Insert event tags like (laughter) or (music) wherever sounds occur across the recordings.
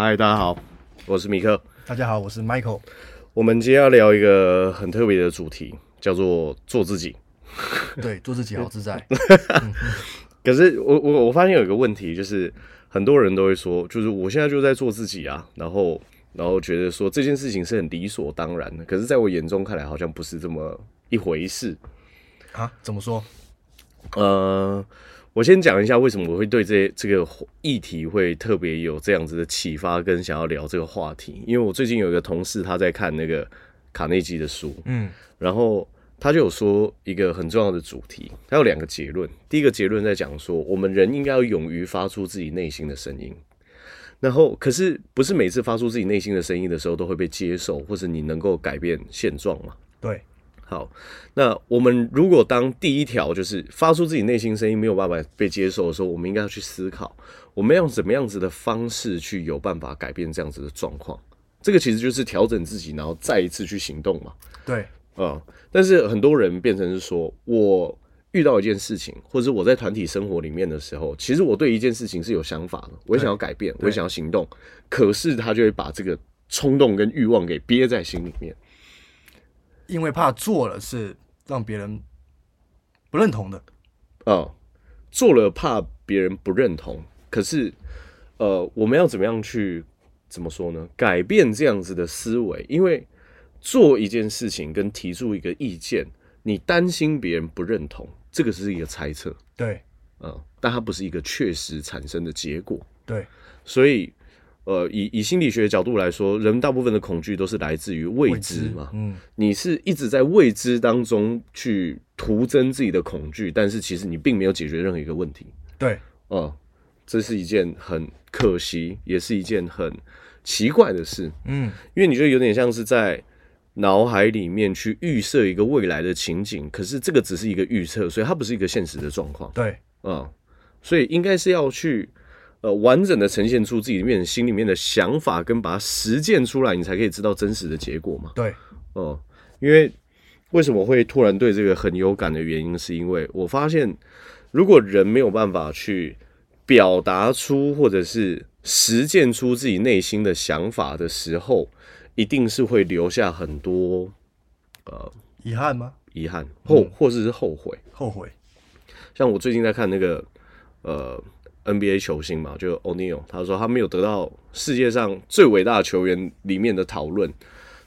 嗨，大家好，我是米克。大家好，我是 Michael。我們今天要聊一個很特別的主題，叫做做自己。 (laughs) 對，做自己好自在。 (laughs) (laughs) 可是我，我我我發現有一個問題，就是很多人都會說，就是我現在就在做自己啊，然後然後覺得說這件事情是很理所當然的。可是，在我眼中看來，好像不是這麼一回事啊？怎麼說？呃。我先講一下為什麼我會對這這個議題會特別有這樣子的啟發，跟想要聊這個話題。因為我最近有一個同事，他在看那個卡內基的書，嗯，然後他就有說一個很重要的主題，他有兩個結論。第一個結論在講說，我們人應該要勇於發出自己內心的聲音。然後可是不是每次發出自己內心的聲音的時候，都會被接受，或者你能夠改變現狀嗎？對。好，那我們如果當第一條就是發出自己內心聲音沒有辦法被接受的時候，我們應該要去思考，我們要用怎麼樣子的方式去有辦法改變這樣子的狀況。這個其實就是調整自己，然後再一次去行動嘛。對，嗯。但是很多人變成是說，我遇到一件事情，或者是我在團體生活裡面的時候，其實我對一件事情是有想法的，我想要改變，我想要行動，可是他就會把這個衝動跟慾望給憋在心裡面。因為怕做了是讓別人不認同的，啊、嗯，做了怕別人不認同。可是，呃，我們要怎麼樣去怎麼說呢？改變這樣子的思維，因為做一件事情跟提出一個意見，你擔心別人不認同，這個是一個猜測，對，嗯，但它不是一個確實產生的結果，對，所以。呃，以以心理學的角度來說，人大部分的恐懼都是來自於未知嘛未知。嗯，你是一直在未知當中去徒增自己的恐懼，但是其實你並沒有解決任何一個問題。對、呃，這是一件很可惜，也是一件很奇怪的事。嗯，因為你覺得有點像是在腦海裡面去預設一個未來的情景，可是這個只是一個預測，所以它不是一個現實的狀況。對，啊、呃，所以應該是要去。呃，完整的呈現出自己面心裡面的想法，跟把它實踐出來，你才可以知道真實的結果嘛。對，哦、呃，因為為什麼我會突然對這個很有感的原因，是因為我發現，如果人沒有辦法去表達出，或者是實踐出自己內心的想法的時候，一定是會留下很多呃遺憾嗎？遺憾，後、嗯、或者是後悔，後悔。像我最近在看那個呃。NBA 球星嘛，就歐尼爾，他說他沒有得到世界上最偉大的球員裡面的討論，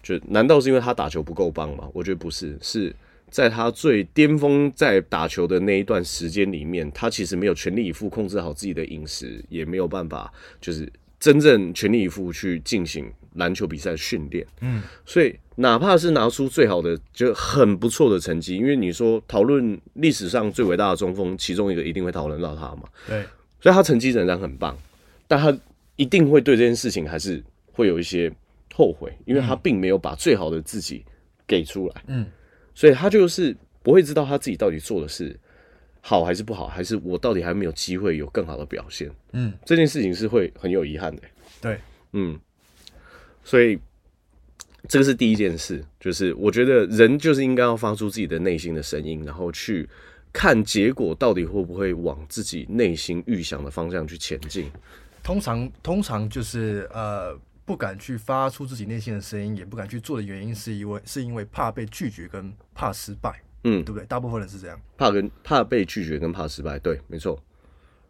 就難道是因為他打球不夠棒嗎？我覺得不是，是在他最巔峰在打球的那一段時間裡面，他其實沒有全力以赴控制好自己的飲食，也沒有辦法就是真正全力以赴去進行籃球比賽訓練。嗯，所以哪怕是拿出最好的就很不錯的成績，因為你說討論歷史上最偉大的中鋒，其中一個一定會討論到他嘛，對。所以他成績仍然很棒，但他一定會對這件事情還是會有一些後悔，因為他並沒有把最好的自己給出來。嗯，所以他就是不會知道他自己到底做的是好還是不好，還是我到底還沒有機會有更好的表現。嗯，這件事情是會很有遺憾的。對，嗯，所以這個是第一件事，就是我覺得人就是應該要發出自己的內心的聲音，然後去。看結果到底會不會往自己內心預想的方向去前進？通常，通常就是呃，不敢去發出自己內心的聲音，也不敢去做的原因是，是因為是因為怕被拒絕跟怕失敗，嗯，對不對？大部分人是這樣，怕跟怕被拒絕跟怕失敗，對，沒錯。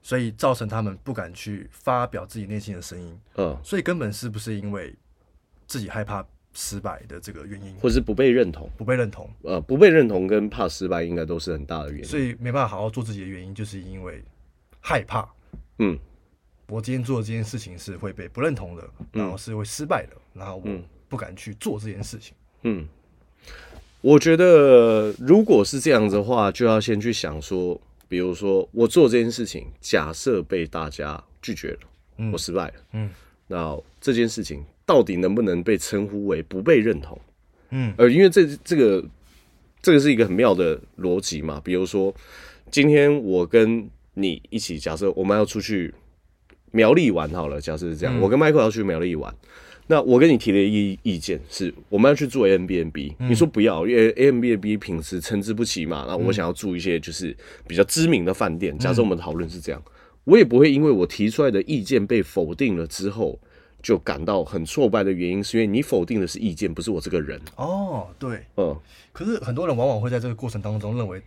所以造成他們不敢去發表自己內心的聲音，嗯、呃，所以根本是不是因為自己害怕？失敗的這個原因，或是不被認同，不被認同，呃，不被認同跟怕失敗應該都是很大的原因。所以沒辦法好好做自己的原因，就是因為害怕。嗯，我今天做的這件事情是會被不認同的，然後是會失敗的，嗯、然後我不敢去做這件事情。嗯，我覺得如果是這樣子的話，就要先去想說，比如說我做這件事情，假設被大家拒絕了、嗯，我失敗了，嗯，那這件事情。到底能不能被稱呼為不被認同？嗯，呃，因為這這個這個是一個很妙的邏輯嘛。比如說，今天我跟你一起，假設我們要出去苗栗玩好了，假設是這樣、嗯，我跟 Michael 要去苗栗玩。那我跟你提的一個意見是，我們要去做 a m b n、嗯、b 你說不要，因為 Airbnb 平時參差不齊嘛。那我想要住一些就是比較知名的飯店。假設我們討論是這樣、嗯，我也不會因為我提出來的意見被否定了之後，就感到很挫敗的原因，是因為你否定的是意見，不是我這個人。哦，對，嗯。可是很多人往往會在這個過程當中認為，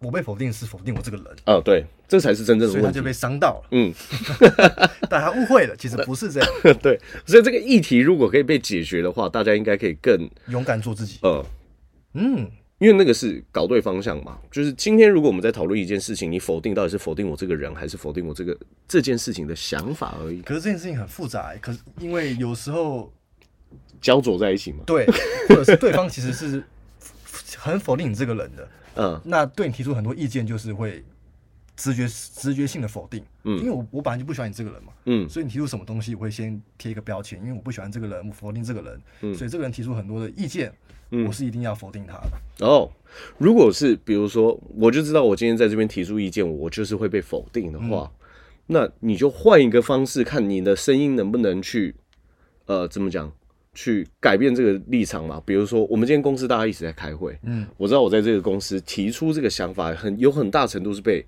我被否定是否定我這個人。哦，對，這才是真正的問題。所以他就被傷到了。嗯，大家誤會了，其實不是這樣。 (laughs) 對，所以這個議題如果可以被解決的話，大家應該可以更勇敢做自己。嗯，嗯。因為那個是搞對方向嘛，就是今天如果我們在討論一件事情，你否定到底是否定我這個人，還是否定我這個這件事情的想法而已。可是這件事情很複雜，欸，可是因為有時候焦灼在一起嘛，對，或者是對方其實是很否定你這個人的，嗯， (laughs) 那對你提出很多意見，就是會。直覺直覺性的否定，嗯，因為我我本來就不喜歡你這個人嘛，嗯，所以你提出什麼東西，我會先貼一個標籤，因為我不喜歡這個人，我否定這個人，嗯，所以這個人提出很多的意見，嗯，我是一定要否定他的。哦，如果是比如說，我就知道我今天在這邊提出意見，我就是會被否定的話，嗯，那你就換一個方式，看你的聲音能不能去，呃，怎麼講，去改變這個立場嘛。比如說，我們今天公司大家一直在開會，嗯，我知道我在這個公司提出這個想法很，很有很大程度是被。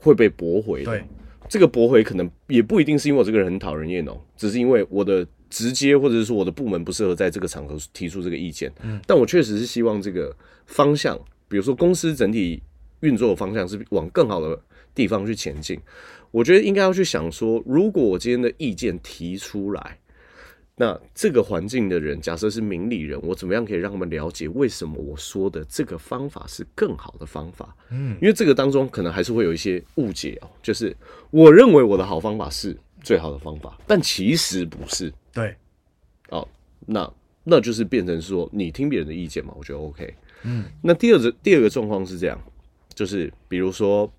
會被駁回。對，這個駁回可能也不一定是因為我這個人很討人厭哦，只是因為我的直接或者是說我的部門不適合在這個場合提出這個意見。嗯，但我確實是希望這個方向，比如說公司整體運作的方向是往更好的地方去前進。我覺得應該要去想說，如果我今天的意見提出來。那這個環境的人，假設是明理人，我怎麼樣可以讓他們了解為什麼我說的這個方法是更好的方法？嗯，因為這個當中可能還是會有一些誤解哦、喔，就是我認為我的好方法是最好的方法，但其實不是。對，哦、喔，那那就是變成說你聽別人的意見嘛，我覺得 OK。嗯，那第二個第二個狀況是這樣，就是比如說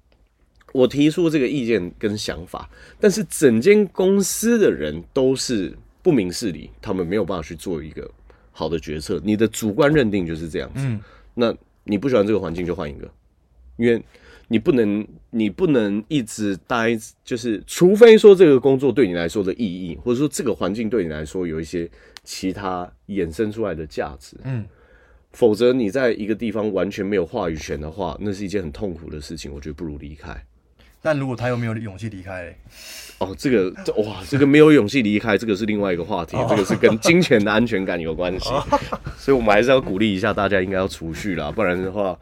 我提出這個意見跟想法，但是整間公司的人都是。不明事理，他們沒有辦法去做一個好的決策。你的主觀認定就是這樣子。嗯，那你不喜歡這個環境就換一個，因為你不能，你不能一直待，就是除非說這個工作對你來說的意義，或者說這個環境對你來說有一些其他衍生出來的價值。嗯，否則你在一個地方完全沒有話語權的話，那是一件很痛苦的事情。我覺得不如離開。但如果他又沒有勇氣離開，哦，這個這哇，這個沒有勇氣離開， (laughs) 這個是另外一個話題， (laughs) 這個是跟金錢的安全感有關係， (laughs) 所以我們還是要鼓勵一下大家，應該要儲蓄啦，不然的話，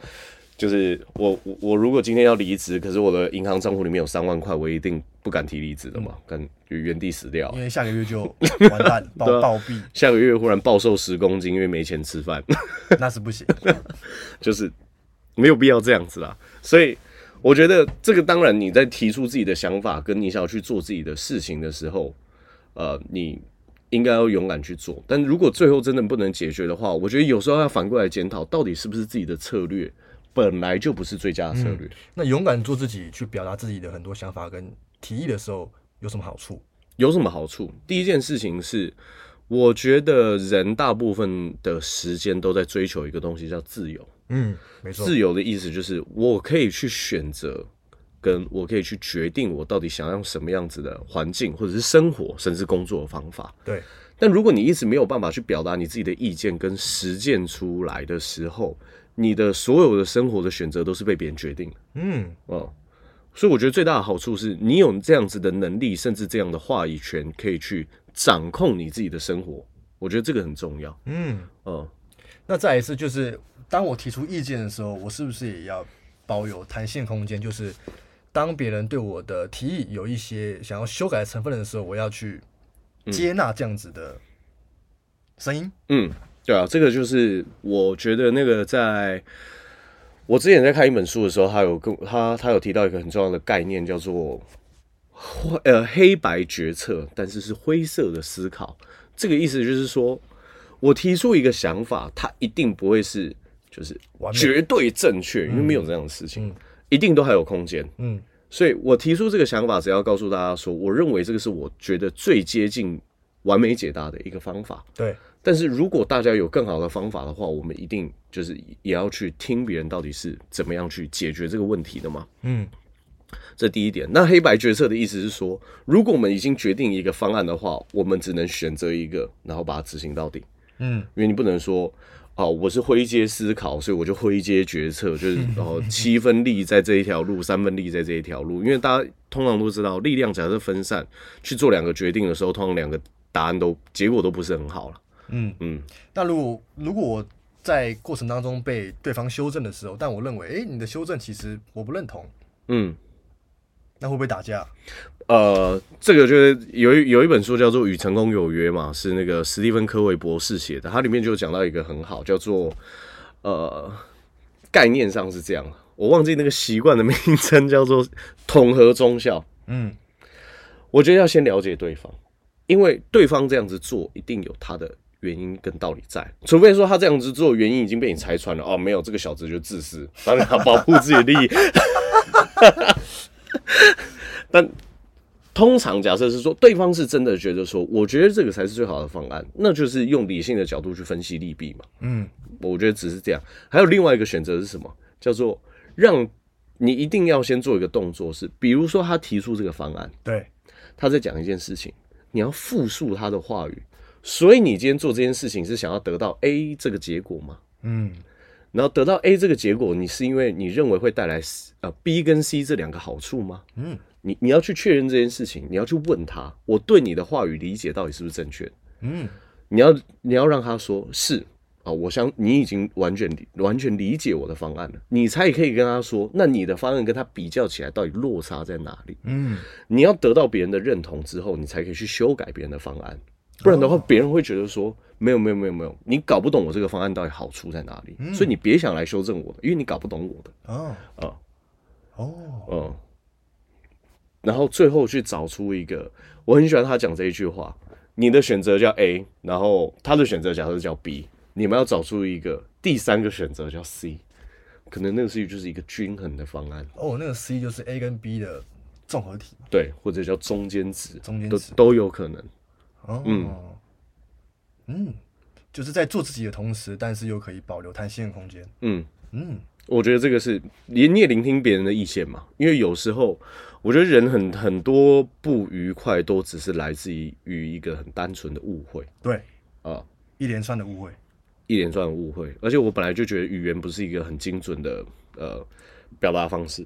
就是我我如果今天要離職，可是我的銀行賬戶裡面有三萬塊，我一定不敢提離職的嘛、嗯，跟原地死掉，因為下個月就完蛋 (laughs) 暴暴斃，下個月忽然暴瘦十公斤，因為沒錢吃飯， (laughs) 那是不行、啊，就是沒有必要這樣子啦，所以。我覺得這個當然，你在提出自己的想法，跟你想要去做自己的事情的時候，呃，你應該要勇敢去做。但如果最後真的不能解決的話，我覺得有時候要反過來檢討，到底是不是自己的策略本來就不是最佳的策略。嗯，那勇敢做自己，去表達自己的很多想法跟提議的時候，有什麼好處？有什麼好處？第一件事情是，我覺得人大部分的時間都在追求一個東西，叫自由。嗯，沒錯。自由的意思就是我可以去選擇，跟我可以去決定我到底想要什麼樣子的環境，或者是生活，甚至工作的方法。對。但如果你一直沒有辦法去表達你自己的意見，跟實踐出來的時候，你的所有的生活的選擇都是被別人決定。嗯，哦、嗯。所以我覺得最大的好處是你有這樣子的能力，甚至這樣的話語權，可以去掌控你自己的生活。我覺得這個很重要。嗯，哦、嗯。那再一次就是。當我提出意見的時候，我是不是也要保有彈性空間？就是當別人對我的提議有一些想要修改成分的時候，我要去接納這樣子的聲音。嗯，對啊，這個就是我覺得那個在我之前在看一本書的時候，他有跟他他有提到一個很重要的概念，叫做灰呃黑白決策，但是是灰色的思考。這個意思就是說，我提出一個想法，它一定不會是。就是絕對正確，因為沒有這樣的事情，嗯、一定都還有空間。嗯，所以我提出這個想法，只要告訴大家說，我認為這個是我覺得最接近完美解答的一個方法。對，但是如果大家有更好的方法的話，我們一定就是也要去聽別人到底是怎麼樣去解決這個問題的嘛。嗯，這第一點。那黑白決策的意思是說，如果我們已經決定一個方案的話，我們只能選擇一個，然後把它執行到底。嗯，因為你不能說。好，我是灰階思考，所以我就灰階決策，就是然後七分力在這一條路， (laughs) 三分力在這一條路。因為大家通常都知道，力量假設分散去做兩個決定的時候，通常兩個答案都結果都不是很好了。嗯嗯，但如果如果我在過程當中被對方修正的時候，但我認為，哎、欸，你的修正其實我不認同。嗯，那會不會打架？呃，這個就是有一有一本書叫做《與成功有約》嘛，是那個史蒂芬·柯維博士寫的。它裡面就講到一個很好，叫做呃，概念上是這樣，我忘記那個習慣的名稱，叫做統合綜效。嗯，我覺得要先了解對方，因為對方這樣子做一定有他的原因跟道理在，除非說他這樣子做原因已經被你拆穿了。哦，沒有，這個小子就自私，當然他保護自己的利益。 (laughs) (laughs) 但通常假設是說，對方是真的覺得說，我覺得這個才是最好的方案，那就是用理性的角度去分析利弊嘛。嗯，我覺得只是這樣。還有另外一個選擇是什麼？叫做讓你一定要先做一個動作是，是比如說他提出這個方案，對，他在講一件事情，你要複述他的話語。所以你今天做這件事情是想要得到 A 這個結果嗎？嗯，然後得到 A 這個結果，你是因為你認為會帶來呃 B 跟 C 這兩個好處嗎？嗯。你你要去確認這件事情，你要去問他，我對你的話語理解到底是不是正確？嗯，你要你要讓他說是啊、哦，我想你已經完全理完全理解我的方案了，你才可以跟他說，那你的方案跟他比較起來到底落差在哪裡？嗯，你要得到別人的認同之後，你才可以去修改別人的方案，不然的話，別人會覺得說、oh. 沒有沒有沒有沒有，你搞不懂我這個方案到底好處在哪裡？嗯、所以你別想來修正我的，因為你搞不懂我的。哦，啊，哦，嗯。然後最後去找出一個，我很喜歡他講這一句話：“你的選擇叫 A，然後他的選擇假設叫 B，你們要找出一個第三個選擇叫 C，可能那個 C 就是一個均衡的方案。”哦，那個 C 就是 A 跟 B 的綜合體，對，或者叫中間值，中間值都，都有可能。哦、oh, 嗯，oh. 嗯，就是在做自己的同時，但是又可以保留彈性空間。嗯嗯，我覺得這個是，也你也聆聽別人的意見嘛，因為有時候。我覺得人很很多不愉快，都只是來自於一個很單純的誤會。對，啊、呃，一連串的誤會，一連串的誤會。而且我本來就覺得語言不是一個很精準的呃表達方式。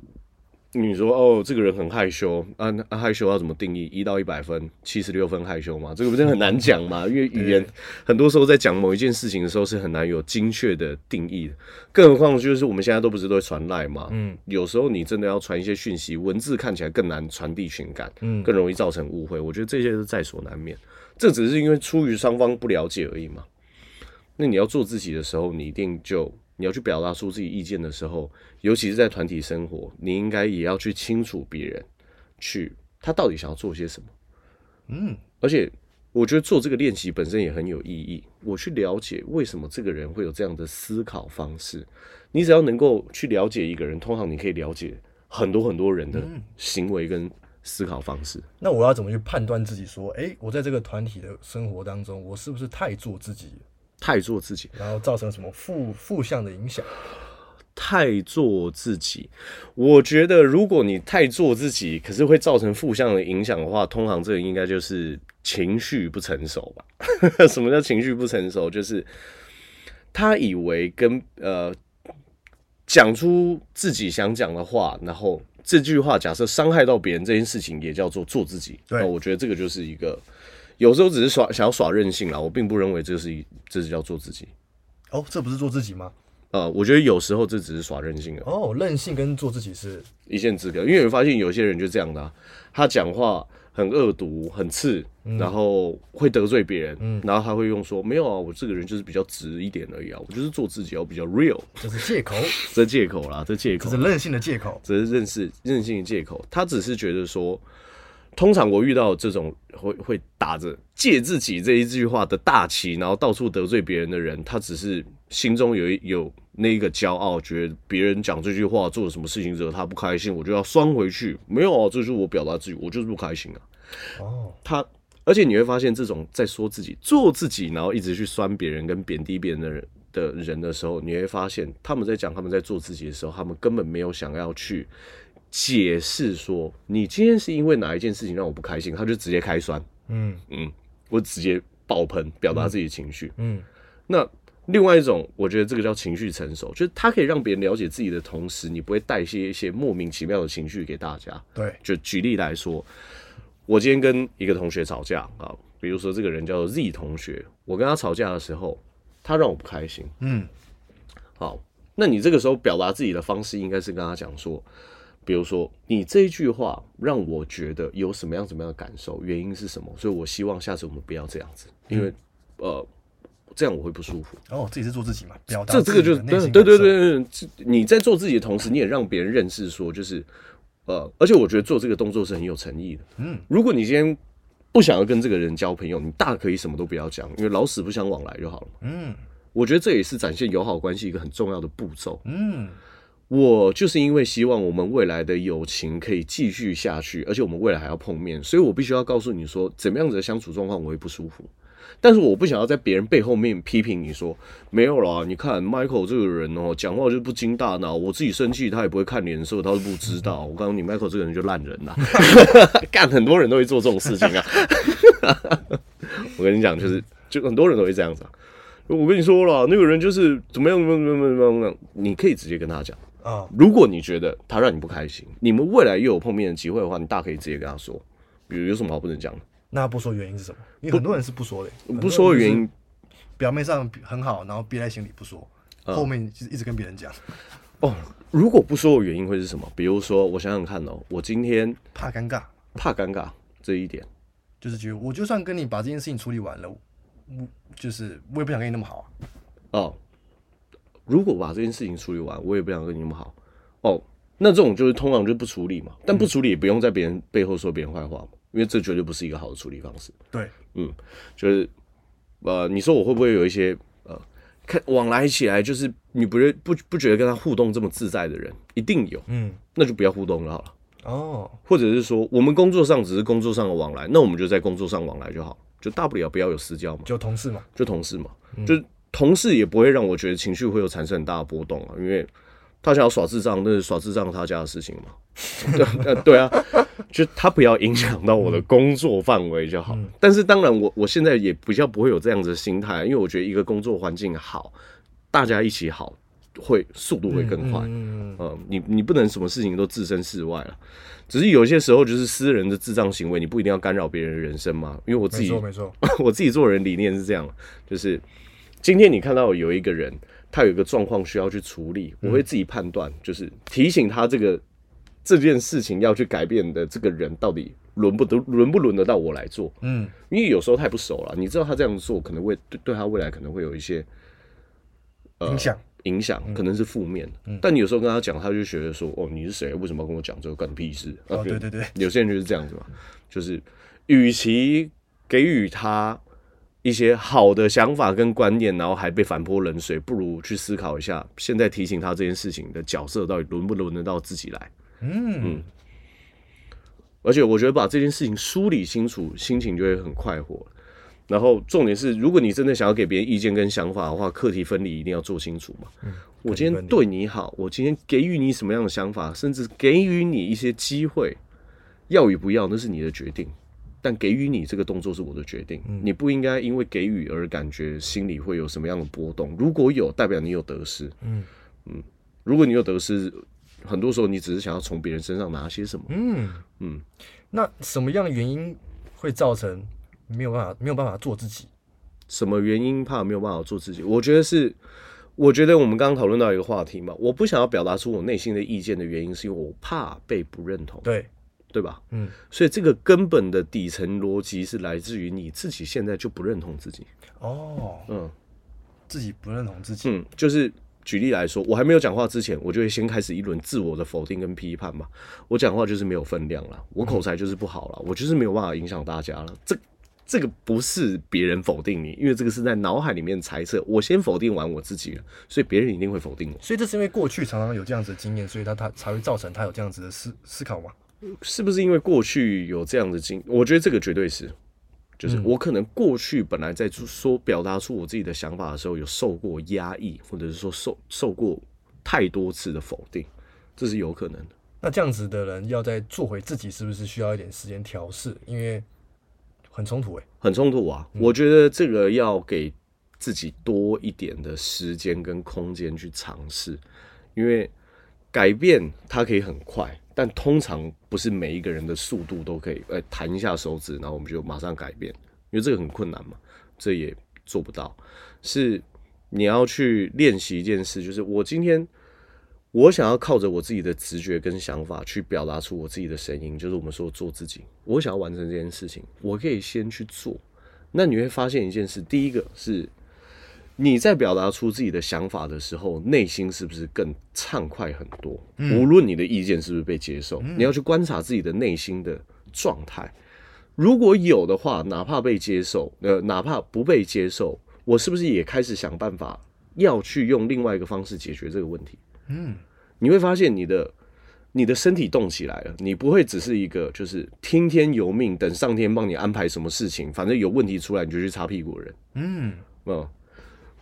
你說哦，這個人很害羞啊？害羞要怎麼定義？一到一百分，七十六分害羞嗎？這個不是很難講嗎？因為語言很多時候在講某一件事情的時候是很難有精確的定義的，更何況就是我們現在都不是都會傳賴嘛。嗯，有時候你真的要傳一些訊息，文字看起來更難傳遞情感，嗯，更容易造成誤會。我覺得這些是在所難免，這只是因為出於雙方不了解而已嘛。那你要做自己的時候，你一定就。你要去表達出自己意見的時候，尤其是在團體生活，你應該也要去清楚別人，去他到底想要做些什麼。嗯，而且我覺得做這個練習本身也很有意義。我去了解為什麼這個人會有這樣的思考方式。你只要能夠去了解一個人，通常你可以了解很多很多人的行為跟思考方式。嗯、那我要怎麼去判斷自己說，哎、欸，我在這個團體的生活當中，我是不是太做自己？太做自己，然後造成什麼負負向的影響？太做自己，我覺得如果你太做自己，可是會造成負向的影響的話，通常這個應該就是情緒不成熟吧？ (laughs) 什麼叫情緒不成熟？就是他以為跟呃講出自己想講的話，然後這句話假設傷害到別人這件事情，也叫做做自己，對。那我覺得這個就是一個。有時候只是耍想要耍任性啦，我並不認為這是一這是叫做自己，哦，這不是做自己嗎？呃，我覺得有時候這只是耍任性的哦，任性跟做自己是一線之隔，因為我發現有些人就這樣的、啊，他講話很惡毒、很刺、嗯，然後會得罪別人、嗯，然後他會用說沒有啊，我這個人就是比較直一點而已啊，我就是做自己、啊，我比較 real。這是借口， (laughs) 這借口啦，這借口，這是任性的借口，這是認識任性的借口，他只是覺得說。通常我遇到這種會會打着借自己這一句話的大旗，然後到處得罪別人的人，他只是心中有有那一個驕傲，覺得別人講這句話做了什麼事情之後他不開心，我就要酸回去。沒有啊，這就是我表達自己，我就是不開心啊。哦，他，而且你會發現，這種在說自己做自己，然後一直去酸別人跟貶低別人的人的人的時候，你會發現他們在講他們在做自己的時候，他們根本沒有想要去。解釋說，你今天是因為哪一件事情讓我不開心？他就直接開酸，嗯嗯，我直接爆噴，表達自己的情緒。嗯，嗯。那另外一種，我覺得這個叫情緒成熟，就是他可以讓別人了解自己的同時，你不會帶些一些莫名其妙的情緒給大家。對，就舉例來說，我今天跟一個同學吵架啊，比如說這個人叫做 Z 同學，我跟他吵架的時候，他讓我不開心，嗯。好，那你這個時候表達自己的方式應該是跟他講說。比如說，你這一句話讓我覺得有什麼樣什麼樣的感受，原因是什麼？所以我希望下次我們不要這樣子，因為、嗯、呃，這樣我會不舒服。哦，自己是做自己嘛，己這這個就是對對對對，你你在做自己的同時，你也讓別人認識說就是呃，而且我覺得做這個動作是很有誠意的。嗯，如果你今天不想要跟這個人交朋友，你大可以什麼都不要講，因為老死不相往來就好了。嗯，我覺得這也是展現友好關係一個很重要的步驟。嗯。我就是因為希望我們未來的友情可以繼續下去，而且我們未來還要碰面，所以我必須要告訴你說，怎麼樣子的相處狀況我會不舒服。但是我不想要在別人背後面批評你說，沒有啦，你看 Michael 這個人哦、喔，講話就不經大腦，我自己生氣他也不會看臉色，他都不知道。我告訴你，Michael 這個人就爛人吶，幹 (laughs) (laughs) 很多人都會做這種事情啊。 (laughs) 我跟你講，就是就很多人都會這樣子啊。我跟你說了，那個人就是怎麼樣怎麼樣怎麼樣怎麼樣，你可以直接跟他講。啊，如果你覺得他讓你不開心，你們未來又有碰面的機會的話，你大可以直接跟他說，比如有什麼好不能講的，那不說原因是什麼？因為很多人是不說的，不說原因，表面上很好，然後憋在心裡不說、嗯，後面就是一直跟別人講。哦，如果不說的原因會是什麼？比如說，我想想看哦，我今天怕尷尬，怕尷尬這一點，就是覺得我就算跟你把這件事情處理完了，我就是我也不想跟你那麼好。啊。哦。如果把這件事情處理完，我也不想跟你們好。哦，那這種就是通常就不處理嘛。但不處理也不用在別人背後說別人壞話嘛，因為這絕對不是一個好的處理方式。對，嗯，就是呃，你說我會不會有一些呃，看往來起來就是你不不不覺得跟他互動這麼自在的人，一定有。嗯，那就不要互動就好了。哦，或者是說我們工作上只是工作上的往來，那我們就在工作上往來就好，就大不了不要有私交嘛。就同事嘛。就同事嘛。就。嗯同事也不會讓我覺得情緒會有產生很大的波動啊，因為他想要耍智障，那是耍智障他家的事情嘛。 (laughs) (laughs) 對啊，就他不要影響到我的工作範圍就好，嗯。但是當然我，我我現在也比較不會有這樣子的心態，啊，因為我覺得一個工作環境好，大家一起好，會速度會更快。嗯嗯嗯，嗯、呃。你你不能什麼事情都置身事外了，啊，只是有些時候就是私人的智障行為，你不一定要干擾別人的人生嘛。因為我自己沒錯，沒錯 (laughs) 我自己做人理念是這樣，就是。今天你看到有一個人，他有一個狀況需要去處理，嗯、我會自己判斷，就是提醒他這個這件事情要去改變的這個人到底輪不得，輪不輪得到我來做？嗯，因為有時候太不熟了，你知道他這樣做可能會對，對他未來可能會有一些影響、呃，影響可能是負面的、嗯。但你有時候跟他講，他就覺得說：“哦，你是誰？為什麼要跟我講這個？干屁事？”哦，對對對，對，有些人就是這樣子嘛，就是與其給予他。一些好的想法跟觀念，然後還被反潑冷水，不如去思考一下，現在提醒他這件事情的角色到底輪不輪得到自己來。嗯，嗯，而且我覺得把這件事情梳理清楚，心情就會很快活。然後重點是，如果你真的想要給別人意見跟想法的話，課題分離一定要做清楚嘛。嗯。我今天對你好，我今天給予你什麼樣的想法，甚至給予你一些機會，要與不要，那是你的決定。但給予你這個動作是我的決定，嗯、你不應該因為給予而感覺心裡會有什麼樣的波動。如果有，代表你有得失。嗯嗯，如果你有得失，很多時候你只是想要從別人身上拿些什麼。嗯嗯，那什麼樣的原因會造成沒有辦法沒有辦法做自己？什麼原因怕沒有辦法做自己？我覺得是，我覺得我們剛剛討論到一個話題嘛，我不想要表達出我內心的意見的原因，是因為我怕被不認同。對。對吧？嗯，所以這個根本的底層邏輯是來自於你自己現在就不認同自己哦，嗯，自己不認同自己，嗯，就是舉例來說，我還沒有講話之前，我就會先開始一輪自我的否定跟批判嘛。我講話就是沒有分量啦，我口才就是不好啦，嗯，我就是沒有辦法影響大家啦。這這個不是別人否定你，因為這個是在腦海裡面猜測。我先否定完我自己了，所以別人一定會否定我。所以這是因為過去常常有這樣子的經驗，所以他他才會造成他有這樣子的思思考嗎？是不是因為過去有這樣的經驗？我覺得這個絕對是，就是我可能過去本來在說表達出我自己的想法的時候，有受過壓抑，或者是說受受過太多次的否定，這是有可能的。那這樣子的人要再做回自己，是不是需要一點時間調適？因為很衝突、欸，誒，很衝突啊！我覺得這個要給自己多一點的時間跟空間去嘗試，因為改變它可以很快。但通常不是每一個人的速度都可以，哎，彈一下手指，然後我們就馬上改變，因為這個很困難嘛，這也做不到。是，你要去練習一件事，就是我今天我想要靠着我自己的直覺跟想法去表達出我自己的聲音，就是我們說做自己。我想要完成這件事情，我可以先去做。那你會發現一件事，第一個是。你在表達出自己的想法的時候，內心是不是更暢快很多？嗯、無論你的意見是不是被接受，嗯、你要去觀察自己的內心的狀態。如果有的話，哪怕被接受，呃，哪怕不被接受，我是不是也開始想辦法要去用另外一個方式解決這個問題？嗯，你會發現你的你的身體動起來了，你不會只是一個就是聽天由命，等上天幫你安排什麼事情，反正有問題出來你就去擦屁股的人。嗯嗯。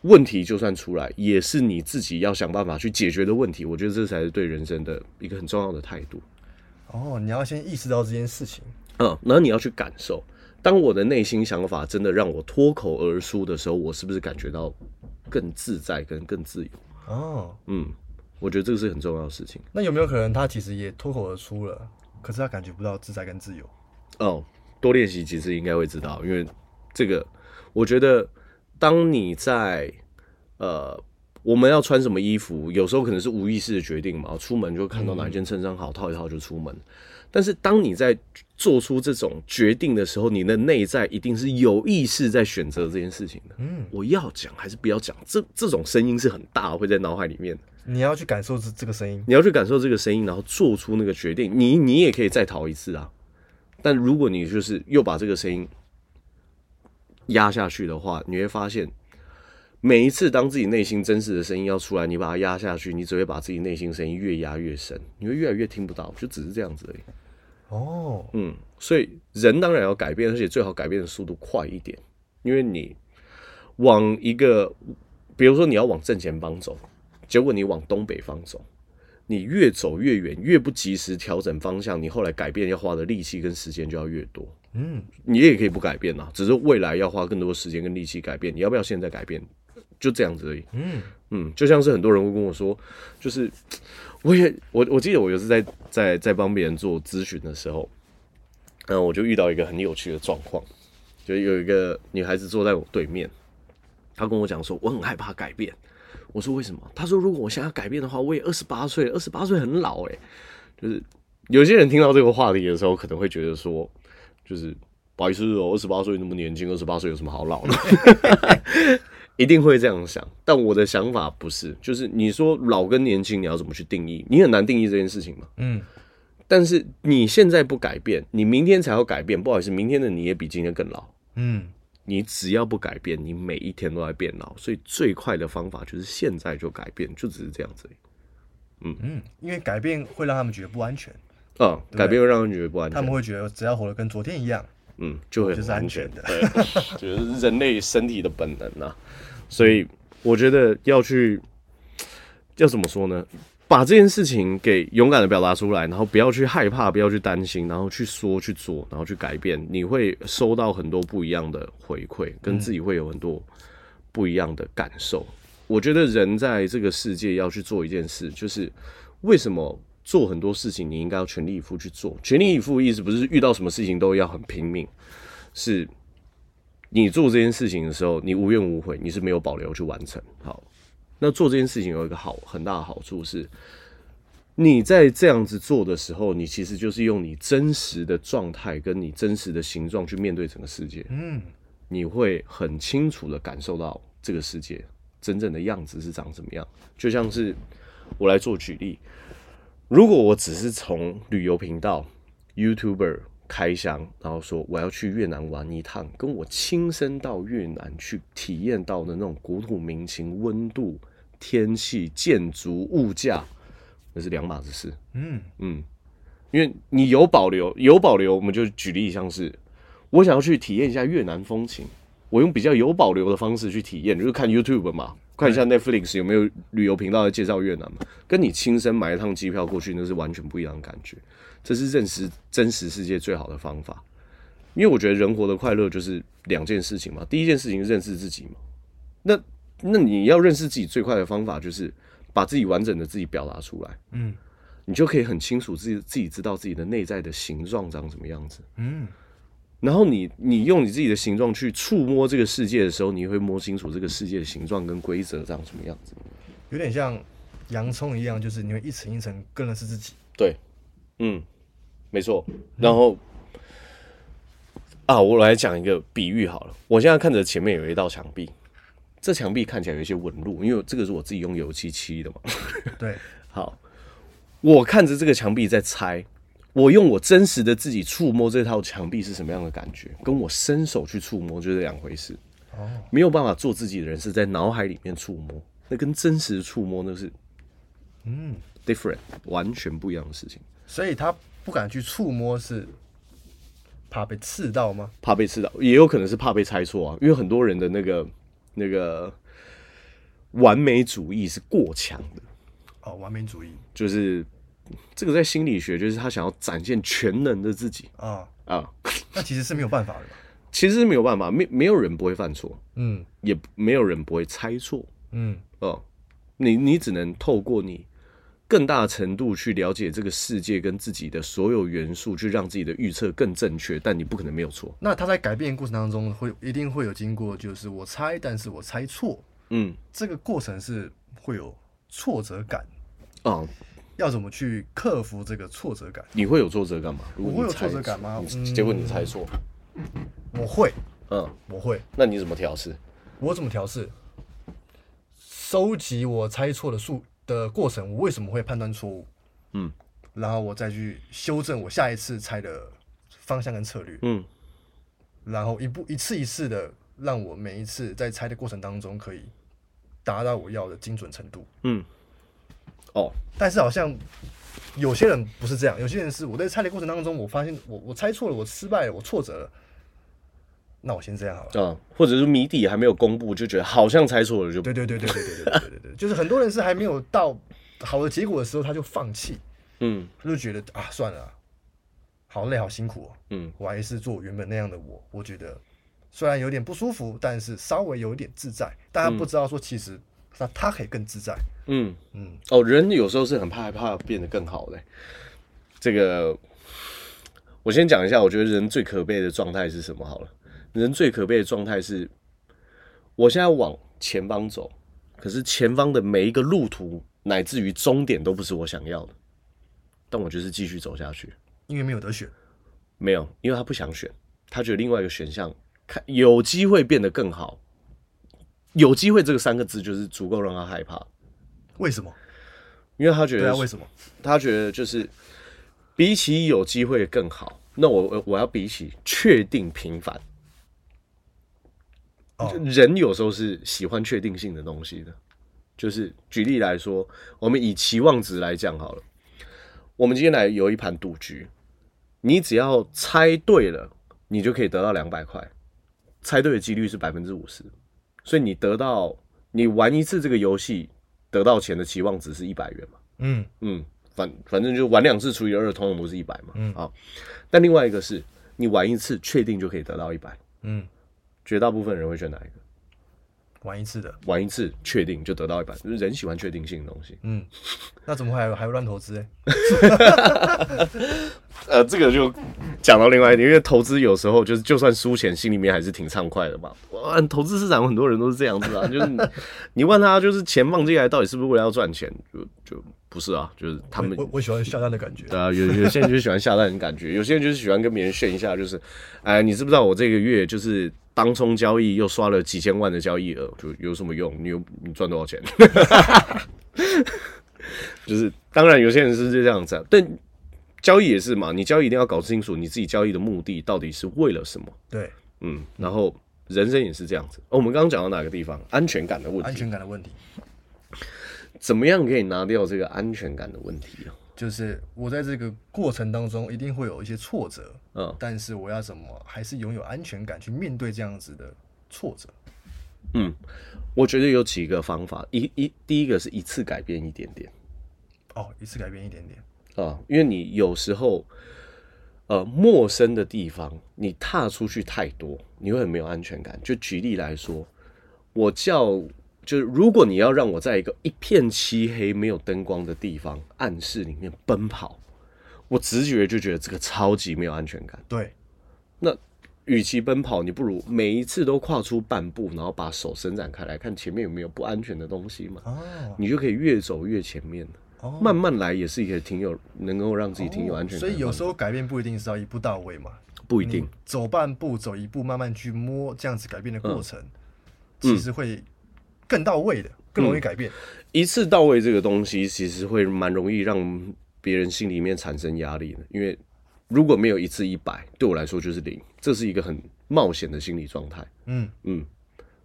問題就算出來，也是你自己要想辦法去解決的問題。我覺得這才是對人生的一個很重要的態度。哦，你要先意識到這件事情。嗯，然後你要去感受，當我的內心想法真的讓我脫口而出的時候，我是不是感覺到更自在跟更自由？哦，嗯，我覺得這個是很重要的事情。那有沒有可能他其實也脫口而出了，可是他感覺不到自在跟自由？哦，嗯，多練習幾次應該會知道，因為這個我覺得。當你在，呃，我們要穿什麼衣服？有時候可能是無意識的決定嘛，出門就看到哪一件襯衫好，嗯，套一套就出門。但是當你在做出這種決定的時候，你的內在一定是有意識在選擇這件事情的。嗯，我要講還是不要講？這這種聲音是很大，會在腦海裡面，你要去感受這這個聲音，你要去感受這個聲音，然後做出那個決定。你你也可以再逃一次啊，但如果你就是又把這個聲音壓下去的話，你會發現，每一次當自己內心真實的聲音要出來，你把它壓下去，你只會把自己內心聲音越壓越深，你會越來越聽不到，就只是這樣子而已。哦、oh.，嗯，所以人當然要改變，而且最好改變的速度快一點，因為你往一個，比如說你要往正前方走，結果你往東北方走，你越走越遠，越不及時調整方向，你後來改變要花的力氣跟時間就要越多。嗯，你也可以不改變吶，只是未來要花更多的時間跟力氣改變。你要不要現在改變？就這樣子而已。嗯嗯，就像是很多人會跟我說，就是我也我我記得我有一次在在在幫別人做諮詢的時候，嗯，我就遇到一個很有趣的狀況，就有一個女孩子坐在我對面，她跟我講說，我很害怕改變。我說，為什麼？她說如果我想要改變的話，我也二十八歲，二十八歲很老欸。就是有些人聽到這個話題的時候，可能會覺得說。就是不好意思哦，二十八歲那麼年輕，二十八歲有什麼好老的？ (laughs) 一定會這樣想，但我的想法不是，就是你說老跟年輕，你要怎麼去定義？你很難定義這件事情嘛。嗯，但是你現在不改變，你明天才要改變。不好意思，明天的你也比今天更老。嗯，你只要不改變，你每一天都在變老，所以最快的方法就是現在就改變，就只是這樣子。嗯嗯，因為改變會讓他們覺得不安全。嗯對對，改變會讓人覺得不安全。他們會覺得，只要活得跟昨天一樣，嗯，就會就是安全的。 (laughs) 對，就是人類身體的本能吶、啊。所以、嗯、我覺得要去，要怎麼說呢？把這件事情給勇敢的表達出來，然後不要去害怕，不要去擔心，然後去說去做，然後去改變，你會收到很多不一樣的回饋，跟自己會有很多不一樣的感受、嗯。我覺得人在這個世界要去做一件事，就是為什麼？做很多事情，你應該要全力以赴去做。全力以赴意思不是遇到什麼事情都要很拼命，是你做這件事情的時候，你無怨無悔，你是沒有保留去完成。好，那做這件事情有一個好很大的好處是，你在這樣子做的時候，你其實就是用你真實的狀態跟你真實的形狀去面對整個世界。嗯，你會很清楚的感受到這個世界真正的樣子是長怎麼樣。就像是我來做舉例。如果我只是從旅遊頻道 YouTuber 開箱，然後說我要去越南玩一趟，跟我親身到越南去體驗到的那種國土民情、溫度、天氣、建築、物價，那是兩碼子事。嗯嗯，因為你有保留，有保留，我們就舉例像是我想要去體驗一下越南風情。我用比較有保留的方式去體驗，就是看 YouTube 嘛，看一下 Netflix 有沒有旅遊頻道的介紹越南嘛。跟你親身買一趟機票過去，那是完全不一樣的感覺。這是認識真實世界最好的方法，因為我覺得人活的快樂就是兩件事情嘛。第一件事情是認識自己嘛。那那你要認識自己最快的方法，就是把自己完整的自己表達出來。嗯，你就可以很清楚自己自己知道自己的內在的形狀長什麼樣子。嗯。然後你你用你自己的形狀去觸摸這個世界的時候，你會摸清楚這個世界的形狀跟規則長什麼樣子，有點像洋蔥一樣，就是你會一層一層跟的是自己。對，嗯，沒錯。然後、嗯、啊，我來講一個比喻好了。我現在看着前面有一道牆壁，這牆壁看起來有一些紋路，因為這個是我自己用油漆漆的嘛。 (laughs) 對，好，我看着這個牆壁在猜。我用我真實的自己觸摸這套牆壁是什麼樣的感覺，跟我伸手去觸摸就是兩回事。沒有辦法做自己的人是在腦海裡面觸摸，那跟真實的觸摸那是，嗯，different，完全不一樣的事情。所以他不敢去觸摸，是怕被刺到嗎？怕被刺到，也有可能是怕被猜錯啊。因為很多人的那個那個完美主義是過強的。哦，完美主義就是。這個在心理學就是他想要展現全能的自己啊啊，那、啊、其實是沒有辦法的，其實是沒有辦法，沒沒有人不會犯錯，嗯，也沒有人不會猜錯，嗯哦、啊，你你只能透過你更大程度去了解這個世界跟自己的所有元素，去讓自己的預測更正確，但你不可能沒有錯。那他在改變過程當中會一定會有經過，就是我猜，但是我猜錯，嗯，這個過程是會有挫折感，啊。要怎麼去克服這個挫折感？你會有挫折感嗎？我會有挫折感嗎、嗯？結果你猜錯，我會。嗯，我會。那你怎麼調適？我怎麼調適？收集我猜錯的數的過程，我為什麼會判斷錯誤？嗯，然後我再去修正我下一次猜的方向跟策略。嗯，然後一步一次一次的，讓我每一次在猜的過程當中可以達到我要的精準程度。嗯。哦、oh.，但是好像有些人不是這樣，有些人是我在猜的過程當中，我發現我我猜錯了，我失敗了，我挫折了，那我先這樣好了。Oh. 或者是謎底還沒有公布，就覺得好像猜錯了就。對對對對對對對對對,對,對,對,對,對,對 (laughs) 就是很多人是還沒有到好的結果的時候他就放棄，嗯，他就覺得啊算了，好累好辛苦、哦，嗯，我還是做原本那樣的我。我覺得雖然有點不舒服，但是稍微有一點自在。大家不知道說其實、嗯。那他可以更自在。嗯嗯哦，人有時候是很害怕變得更好的。這個，我先講一下，我覺得人最可悲的狀態是什麼？好了，人最可悲的狀態是，我現在往前方走，可是前方的每一個路途，乃至於終點，都不是我想要的。但我就是繼續走下去，因為沒有得選。沒有，因為他不想選，他覺得另外一個選項，看有機會變得更好。有機會這個三個字就是足夠讓他害怕。為什麼？因為他覺得，對啊，為什麼？他覺得就是比起有機會更好。那我我我要比起確定平凡。人有時候是喜歡確定性的東西的。就是舉例來說，我們以期望值來講好了。我們今天來有一盤賭局，你只要猜對了，你就可以得到兩百塊。猜對的幾率是百分之五十。所以你得到你玩一次這個遊戲得到錢的期望值是一百元嘛。嗯嗯，反反正就玩兩次除以二，通常都是一百嘛。嗯，好。但另外一個是你玩一次確定就可以得到一百，嗯，絕大部分人會選哪一個？玩一次的，玩一次確定就得到一版。就是人喜歡確定性的東西。嗯，那怎麼還還亂投資呢、欸？ (laughs) (laughs) 呃，這個就講到另外一點，因為投資有時候就是就算輸錢，心裡面還是挺暢快的吧？哇，投資市場很多人都是這樣子啊，就是你問他就是錢放進來到底是不是為了要賺錢，就就。不是啊，就是他們。我我，我喜歡下單的感覺。 (laughs) 對啊，有有些人就是喜歡下單的感覺，有些人就是喜歡跟別人炫一下，就是，哎，你知不知道我這個月就是當沖交易又刷了幾千萬的交易額？就有什麼用？你有你賺多少錢？ (laughs) 就是，當然有些人是，是這樣子，啊，但交易也是嘛，你交易一定要搞清楚你自己交易的目的到底是為了什麼？對，嗯，然後人生也是這樣子。哦，我們剛剛講到哪個地方？安全感的問題，嗯，安全感的問題。怎麼樣可以拿掉這個安全感的問題啊？就是我在這個過程當中一定會有一些挫折，嗯，但是我要怎麼還是擁有安全感去面對這樣子的挫折？嗯，我覺得有幾個方法，一一第一個是一次改變一點點，哦，一次改變一點點啊，嗯，因為你有時候呃陌生的地方你踏出去太多，你會很沒有安全感。就舉例來說，我叫。就是如果你要讓我在一個一片漆黑，沒有燈光的地方暗室裡面奔跑，我直覺就覺得這個超級沒有安全感。對，那與其奔跑，你不如每一次都跨出半步，然後把手伸展開來看前面有沒有不安全的東西嘛。哦，你就可以越走越前面。哦，慢慢來也是一個挺有能夠讓自己挺有安全感的。所以有時候改變不一定是要一步到位嘛，不一定走半步，走一步，慢慢去摸這樣子改變的過程，嗯嗯，其實會。更到位的，更容易改變。嗯，一次到位這個東西，其實會蠻容易讓別人心裡面產生壓力的，因為如果沒有一次一百，對我來說就是零，這是一個很冒險的心理狀態。嗯嗯，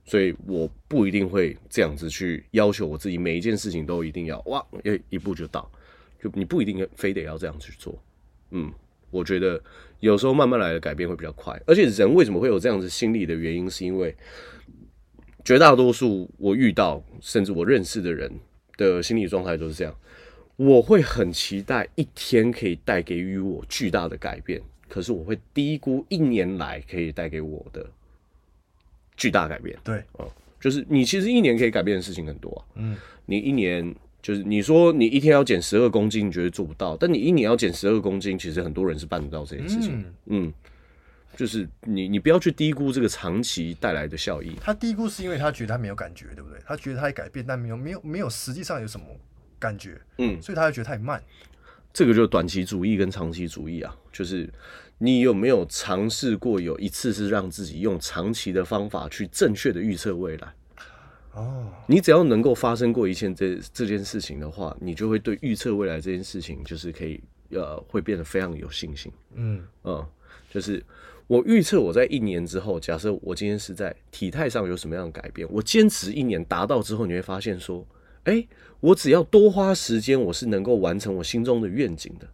所以我不一定會這樣子去要求我自己，每一件事情都一定要哇，哎，一步就到，就你不一定非得要這樣去做。嗯，我覺得有時候慢慢來的改變會比較快，而且人為什麼會有這樣子心理的原因，是因為。絕大多數我遇到，甚至我認識的人的心理狀態都是這樣。我會很期待一天可以帶給予我巨大的改變，可是我會低估一年來可以帶給我的巨大改變。對啊，嗯，就是你其實一年可以改變的事情很多啊。嗯，你一年就是你說你一天要減十二公斤，你覺得做不到？但你一年要減十二公斤，其實很多人是辦得到這件事情。嗯。嗯就是你，你不要去低估這個長期帶來的效益。他低估是因為他覺得他沒有感覺，對不對？他覺得他改變，但沒有沒有沒有，沒有實際上有什麼感覺？嗯，所以他就覺得太慢。這個就是短期主義跟長期主義啊，就是你有沒有嘗試過有一次是讓自己用長期的方法去正確的預測未來？哦，你只要能夠發生過一件這這件事情的話，你就會對預測未來這件事情就是可以呃，會變得非常有信心。嗯嗯，就是。我預測，我在一年之後，假設我今天是在體態上有什麼樣的改變，我堅持一年達到之後，你會發現說，誒、欸，我只要多花時間，我是能夠完成我心中的願景的。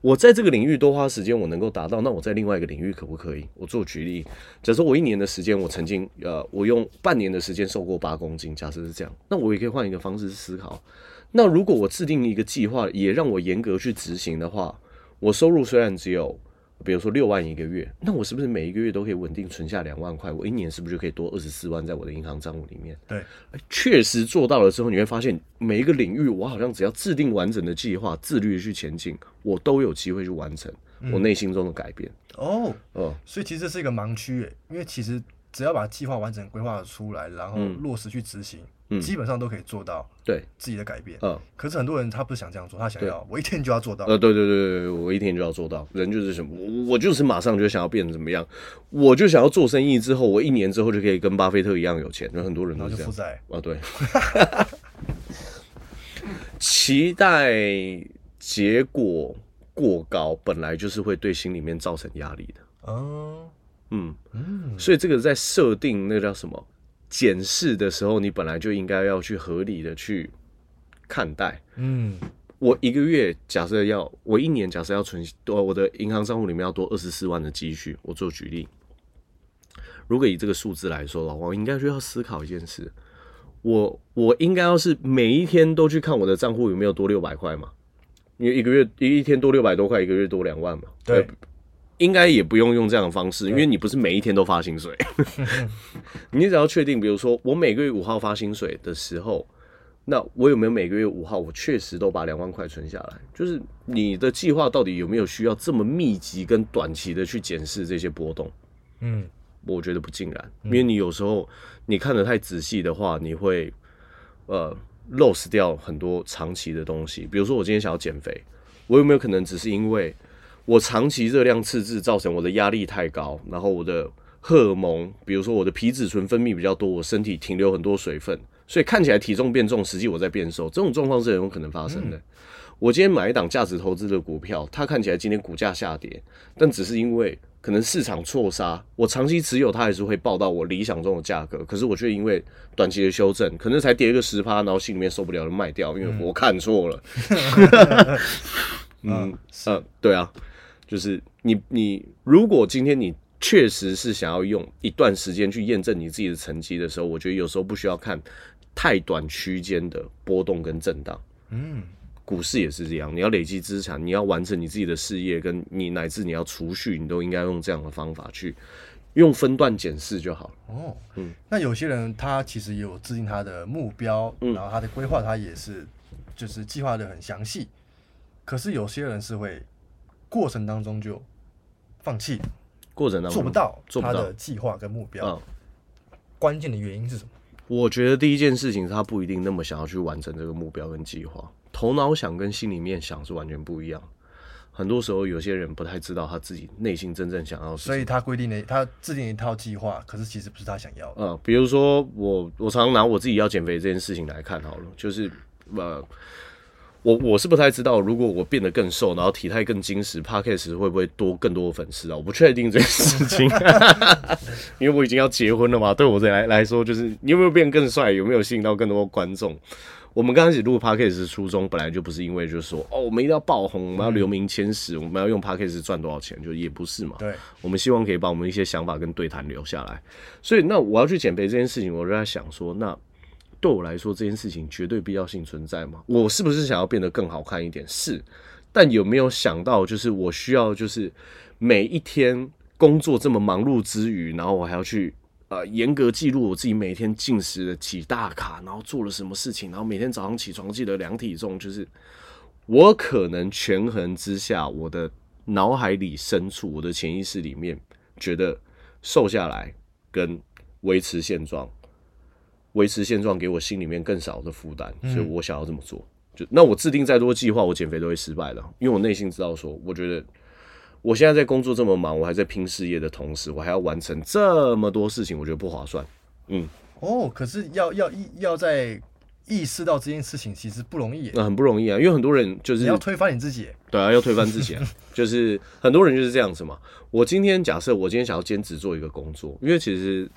我在這個領域多花時間，我能夠達到，那我在另外一個領域可不可以？我做舉例，假設我一年的時間，我曾經呃，我用半年的時間瘦過八公斤。假設是這樣，那我也可以換一個方式思考。那如果我制定一個計劃，也讓我嚴格去執行的話，我收入雖然只有。比如說六萬一個月，那我是不是每一個月都可以穩定存下兩萬塊？我一年是不是就可以多二十四萬在我的銀行賬戶裡面？對，確實做到了之後，你會發現每一個領域，我好像只要制定完整的計劃，自律去前進，我都有機會去完成，嗯，我內心中的改變。哦，哦，所以其實這是一個盲區，欸，因為其實。只要把計劃完整規劃出來，然後落實去執行，嗯嗯，基本上都可以做到。對，自己的改變，嗯。可是很多人他不想這樣做，他想要我一天就要做到。呃，對對對，我一天就要做到。人就是什麼，我就是馬上就想要變成怎麼樣，我就想要做生意之後，我一年之後就可以跟巴菲特一樣有錢。有很多人都是這樣，就負債。啊，對。 (laughs) (laughs) 期待結果過高，本來就是會對心裡面造成壓力的。嗯。嗯，所以這個在設定那個叫什麼檢視的時候，你本來就應該要去合理的去看待。嗯，我一個月假設要，我一年假設要存多我的銀行賬戶裡面要多二十四萬的積蓄，我做舉例。如果以這個數字來說的話，我應該就要思考一件事：我我應該要是每一天都去看我的賬戶有沒有多六百塊嘛？因為一個月一一天多六百多塊，一個月多兩萬嘛？對。應該也不用用這樣的方式，因為你不是每一天都發薪水， (laughs) 你只要確定，比如說我每個月五號發薪水的時候，那我有沒有每個月五號我確實都把兩萬塊存下來？就是你的計劃到底有沒有需要這麼密集跟短期的去檢視這些波動？嗯，我覺得不盡然，因為你有時候你看得太仔細的話，你會呃 loss 掉很多長期的東西。比如說我今天想要減肥，我有沒有可能只是因為？我長期熱量赤字，造成我的壓力太高，然後我的荷爾蒙，比如說我的皮質醇分泌比較多，我身體停留很多水分，所以看起來體重變重，實際我在變瘦。這種狀況是很有可能發生的。嗯、我今天買一檔價值投資的股票，它看起來今天股價下跌，但只是因為可能市場錯殺，我長期持有它還是會報到我理想中的價格。可是我卻因為短期的修正，可能才跌一個十趴，然後心裡面受不了就賣掉，因為我看錯了。嗯 (laughs) 嗯、呃，對啊。就是你你如果今天你確實是想要用一段時間去驗證你自己的成績的時候，我覺得有時候不需要看太短區間的波動跟震盪。嗯，股市也是這樣，你要累積資產，你要完成你自己的事業，跟你乃至你要儲蓄，你都應該用這樣的方法去用分段檢視就好了。哦，嗯，那有些人他其實也有制定他的目標，嗯，然後他的規劃他也是就是計劃的很詳細，可是有些人是會。過程當中就放棄，過程當中做不到，做不到他的計劃跟目標。嗯，關鍵的原因是什麼？我覺得第一件事情，是他不一定那麼想要去完成這個目標跟計劃。頭腦想跟心裡面想是完全不一樣。很多時候，有些人不太知道他自己內心真正想要是什麼。所以他規定的，他制定一套計劃，可是其實不是他想要的。嗯，比如說我，我常拿我自己要減肥這件事情來看好了，就是呃。我我是不太知道，如果我變得更瘦，然後體態更精實，Podcast 會不會多更多的粉絲啊？我不確定這件事情，因為我已經要結婚了嘛。對我這來來說，就是你有沒有變更帥，有沒有吸引到更多的觀眾？我們剛開始錄 Podcast 初衷本來就不是因為就是說哦，我們一定要爆紅，我們要留名青史，嗯，我們要用 Podcast 賺多少錢，就也不是嘛。對，我們希望可以把我們一些想法跟對談留下來。所以那我要去減肥這件事情，我就在想說那。對我來說，這件事情絕對必要性存在嗎？我是不是想要變得更好看一點？是，但有沒有想到，就是我需要，就是每一天工作這麼忙碌之餘，然後我還要去呃嚴格記錄我自己每天進食的幾大卡，然後做了什麼事情，然後每天早上起床記得量體重，就是我可能權衡之下，我的腦海裡深處，我的潛意識裡面，覺得瘦下來跟維持現狀。維持現狀給我心裡面更少的負擔，所以我想要這麼做。嗯、就那我制定再多計劃，我減肥都會失敗的，因為我內心知道說，我覺得我現在在工作這麼忙，我還在拼事業的同時，我還要完成這麼多事情，我覺得不划算。嗯，哦，可是要要要再意識到這件事情其實不容易、啊，很不容易啊，因為很多人就是要推翻你自己，對啊，要推翻自己、啊， (laughs) 就是很多人就是這樣子嘛。我今天假設我今天想要兼職做一個工作，因為其實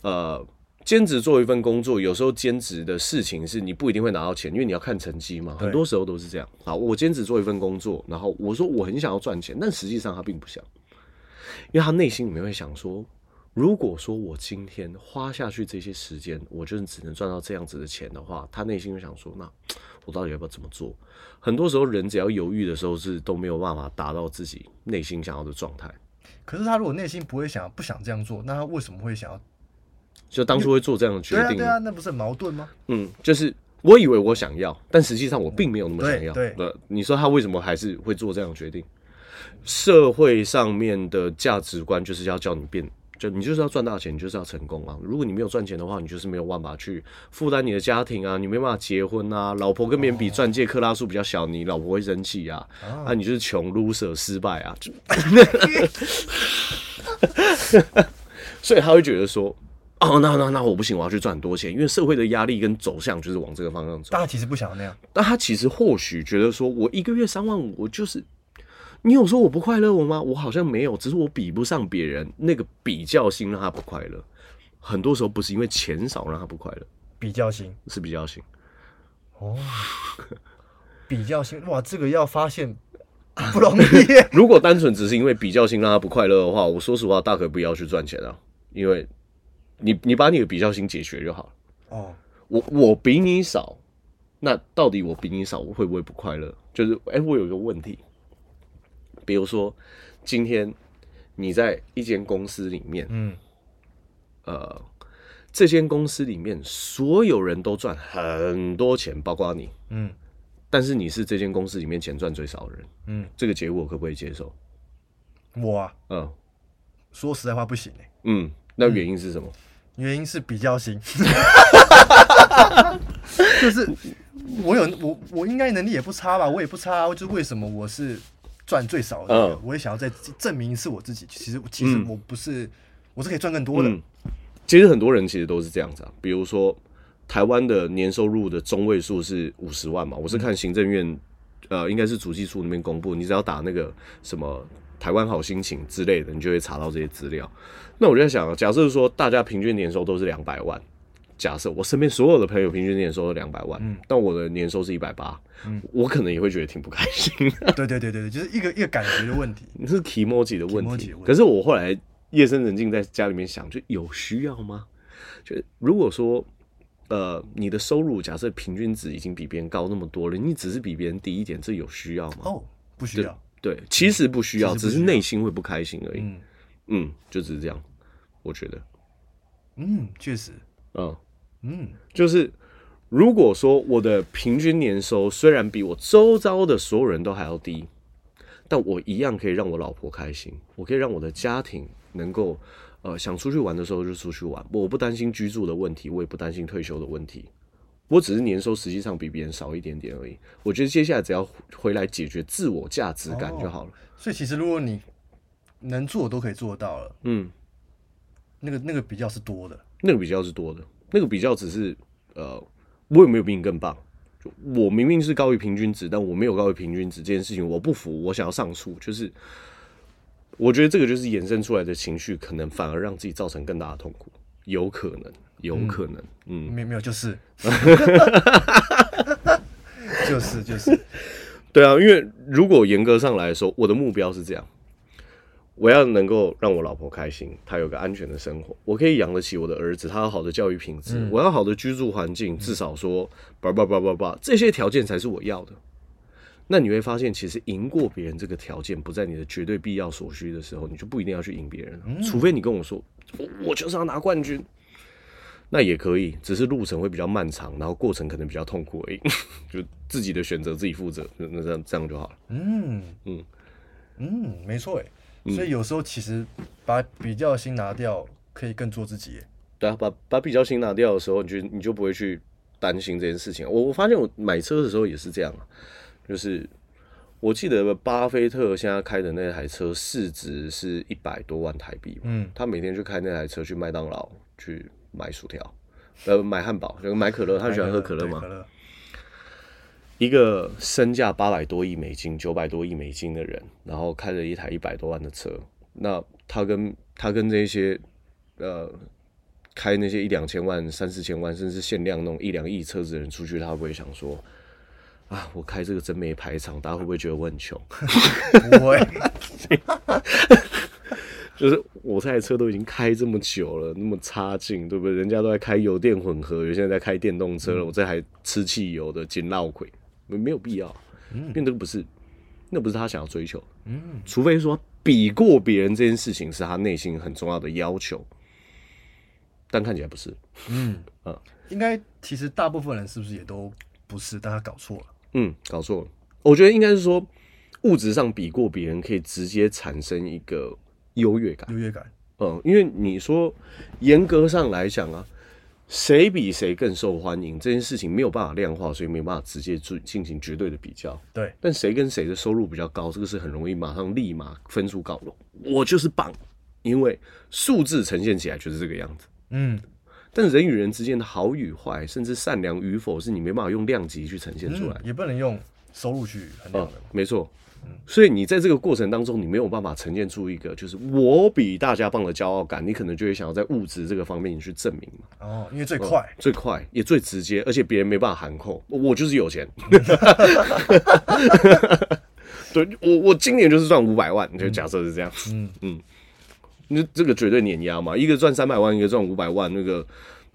呃。兼職做一份工作，有時候兼職的事情是你不一定會拿到錢，因為你要看成績嘛，很多時候都是這樣。好，我兼職做一份工作，然後我說我很想要賺錢，但實際上他並不想，因為他內心裡面會想說，如果說我今天花下去這些時間，我就是只能賺到這樣子的錢的話，他內心就想說，那我到底要不要怎麼做？很多時候人只要猶豫的時候，是都沒有辦法達到自己內心想要的狀態。可是他如果內心不會想，不想這樣做，那他為什麼會想要？就當初會做這樣的決定，對、啊，對啊，那不是很矛盾嗎？嗯，就是我以為我想要，但實際上我並沒有那麼想要。呃，對，你說他為什麼還是會做這樣的決定？社會上面的價值觀就是要叫你變，就你就是要賺大錢，你就是要成功啊！如果你沒有賺錢的話，你就是沒有辦法去負擔你的家庭啊，你沒辦法結婚啊，老婆跟別人比鑽戒克拉數比較小，你老婆會生氣啊、哦，啊，你就是窮 loser 失敗啊！就 (laughs) (laughs) (laughs) 所以他會覺得說。哦，那那那我不行，我要去賺很多錢，因為社會的壓力跟走向就是往這個方向走。大家其實不想要那樣，但他其實或許覺得說，我一個月三萬五，我就是，你有說我不快樂我嗎？我好像沒有，只是我比不上別人，那個比較心讓他不快樂。很多時候不是因為錢少讓他不快樂，比較心是比較心。哦，比較心哇，這個要發現不容易。 (laughs) 如果單純只是因為比較心讓他不快樂的話，我說實話，大可不要去賺錢啊，因為。你你把你的比較心解決就好了哦。我我比你少，那到底我比你少我會不會不快樂？就是哎、欸，我有一個問題，比如說今天你在一間公司裡面，嗯，呃，這間公司裡面所有人都賺很多錢，包括你，嗯，但是你是這間公司裡面錢賺最少的人，嗯，這個結果可不可以接受？我啊，嗯，說實在話不行哎、欸，嗯。那原因是什麼？嗯、原因是比較型， (laughs) (laughs) 就是我有我我應該能力也不差吧，我也不差，就為什麼我是賺最少的，這個嗯？我也想要再證明是我自己。其實其實我不是，嗯，我是可以賺更多的，嗯。其實很多人其實都是這樣子啊，比如說台灣的年收入的中位數是五十萬嘛，我是看行政院，嗯，呃，應該是主計處那邊公布，你只要打那個什麼。台灣好心情之類的，你就會查到這些資料。那我就在想，假設說大家平均年收都是兩百萬，假設我身邊所有的朋友平均年收都兩百萬，嗯，但我的年收是一百八，我可能也會覺得挺不開心、啊。對對對對對，就是一個一個感覺的問題。你 (laughs) 是 key mochi 的問題，可是我後來夜深人靜在家裡面想，就有需要嗎？就如果說呃你的收入假設平均值已經比別人高那麼多了，你只是比別人低一點，這有需要嗎？哦、oh,，不需要。對，其實、嗯，其實不需要，只是內心會不開心而已嗯。嗯，就只是這樣，我覺得，嗯，確實，嗯，嗯，就是如果說我的平均年收雖然比我周遭的所有人都還要低，但我一樣可以讓我老婆開心，我可以讓我的家庭能夠，呃，想出去玩的時候就出去玩，我不擔心居住的問題，我也不擔心退休的問題。我只是年收實際上比別人少一點點而已。我覺得接下來只要回來解決自我價值感就好了。哦，所以其實如果你能做，都可以做到了。嗯，那個那個比較是多的，那個比較是多的，那個比較只是呃，我有沒有比你更棒？我明明是高於平均值，但我沒有高於平均值。這件事情我不服，我想要上訴。就是我覺得這個就是衍生出來的情緒，可能反而讓自己造成更大的痛苦，有可能。有可能，嗯，嗯，沒有沒有，就是， (laughs) (laughs) 就是就是，對啊，因為如果嚴格上來說，我的目標是這樣，我要能夠讓我老婆開心，她有個安全的生活，我可以養得起我的兒子，他有好的教育品質，嗯，我要好的居住環境，嗯，至少說，吧吧吧吧這些條件才是我要的。那你會發現，其實贏過別人這個條件不在你的絕對必要所需的時候，你就不一定要去贏別人，嗯，除非你跟我說我，我就是要拿冠軍。那也可以，只是路程會比較漫長，然後過程可能比較痛苦而已。 (laughs) 就自己的選擇自己負責，那這樣這樣就好了。嗯嗯嗯，沒錯耶、嗯、所以有時候其實把比較心拿掉，可以更做自己。對啊，把把比較心拿掉的時候，你就你就不會去擔心這件事情。我我發現我買車的時候也是這樣啊，就是我記得巴菲特現在開的那台車市值是一百多萬台幣，嗯，他每天去開那台車去麥當勞去。買薯條，呃，買漢堡，買可樂。他喜歡喝可樂嗎可？一個身價八百多億美金、九百多億美金的人，然後開着一台一百多萬的車，那他跟他跟這些呃開那些一兩千萬、三四千萬，甚至限量那種一兩億車子的人出去，他會不會想說啊，我開這個真沒排場？大家會不會覺得我很窮？不會。就是我這台車都已經開這麼久了，那麼差勁，對不對？人家都在開油電混合，有些人在，在開電動車了。嗯、我這還吃汽油的緊鬧鬼，沒沒有必要。嗯，因為這不是，那不是他想要追求。嗯，除非說比過別人這件事情是他內心很重要的要求，但看起來不是。嗯，嗯應該其實大部分人是不是也都不是？但他搞錯了。嗯，搞錯了。我覺得應該是說物質上比過別人，可以直接產生一個。優越感，優越感，嗯，因為你說嚴格上來講啊，誰比誰更受歡迎這件事情沒有辦法量化，所以沒有辦法直接進進行絕對的比較。對，但誰跟誰的收入比較高，這個是很容易馬上立馬分數高的，我就是棒，因為數字呈現起來就是這個樣子。嗯，但人與人之間的好與壞，甚至善良與否，是你沒辦法用量級去呈現出來，嗯，也不能用。收入去很大的、嗯、沒錯，所以你在這個過程當中，你沒有辦法呈現出一個就是我比大家棒的驕傲感，你可能就會想要在物質這個方面去證明嘛。哦，因為最快，哦、最快也最直接，而且別人沒辦法含糊，我就是有錢。 (laughs) (laughs) (laughs) (laughs) 對我，我今年就是賺五百萬，就假設是這樣，嗯嗯，那這個絕對碾壓嘛，一個賺三百萬，一個賺五百萬，那個。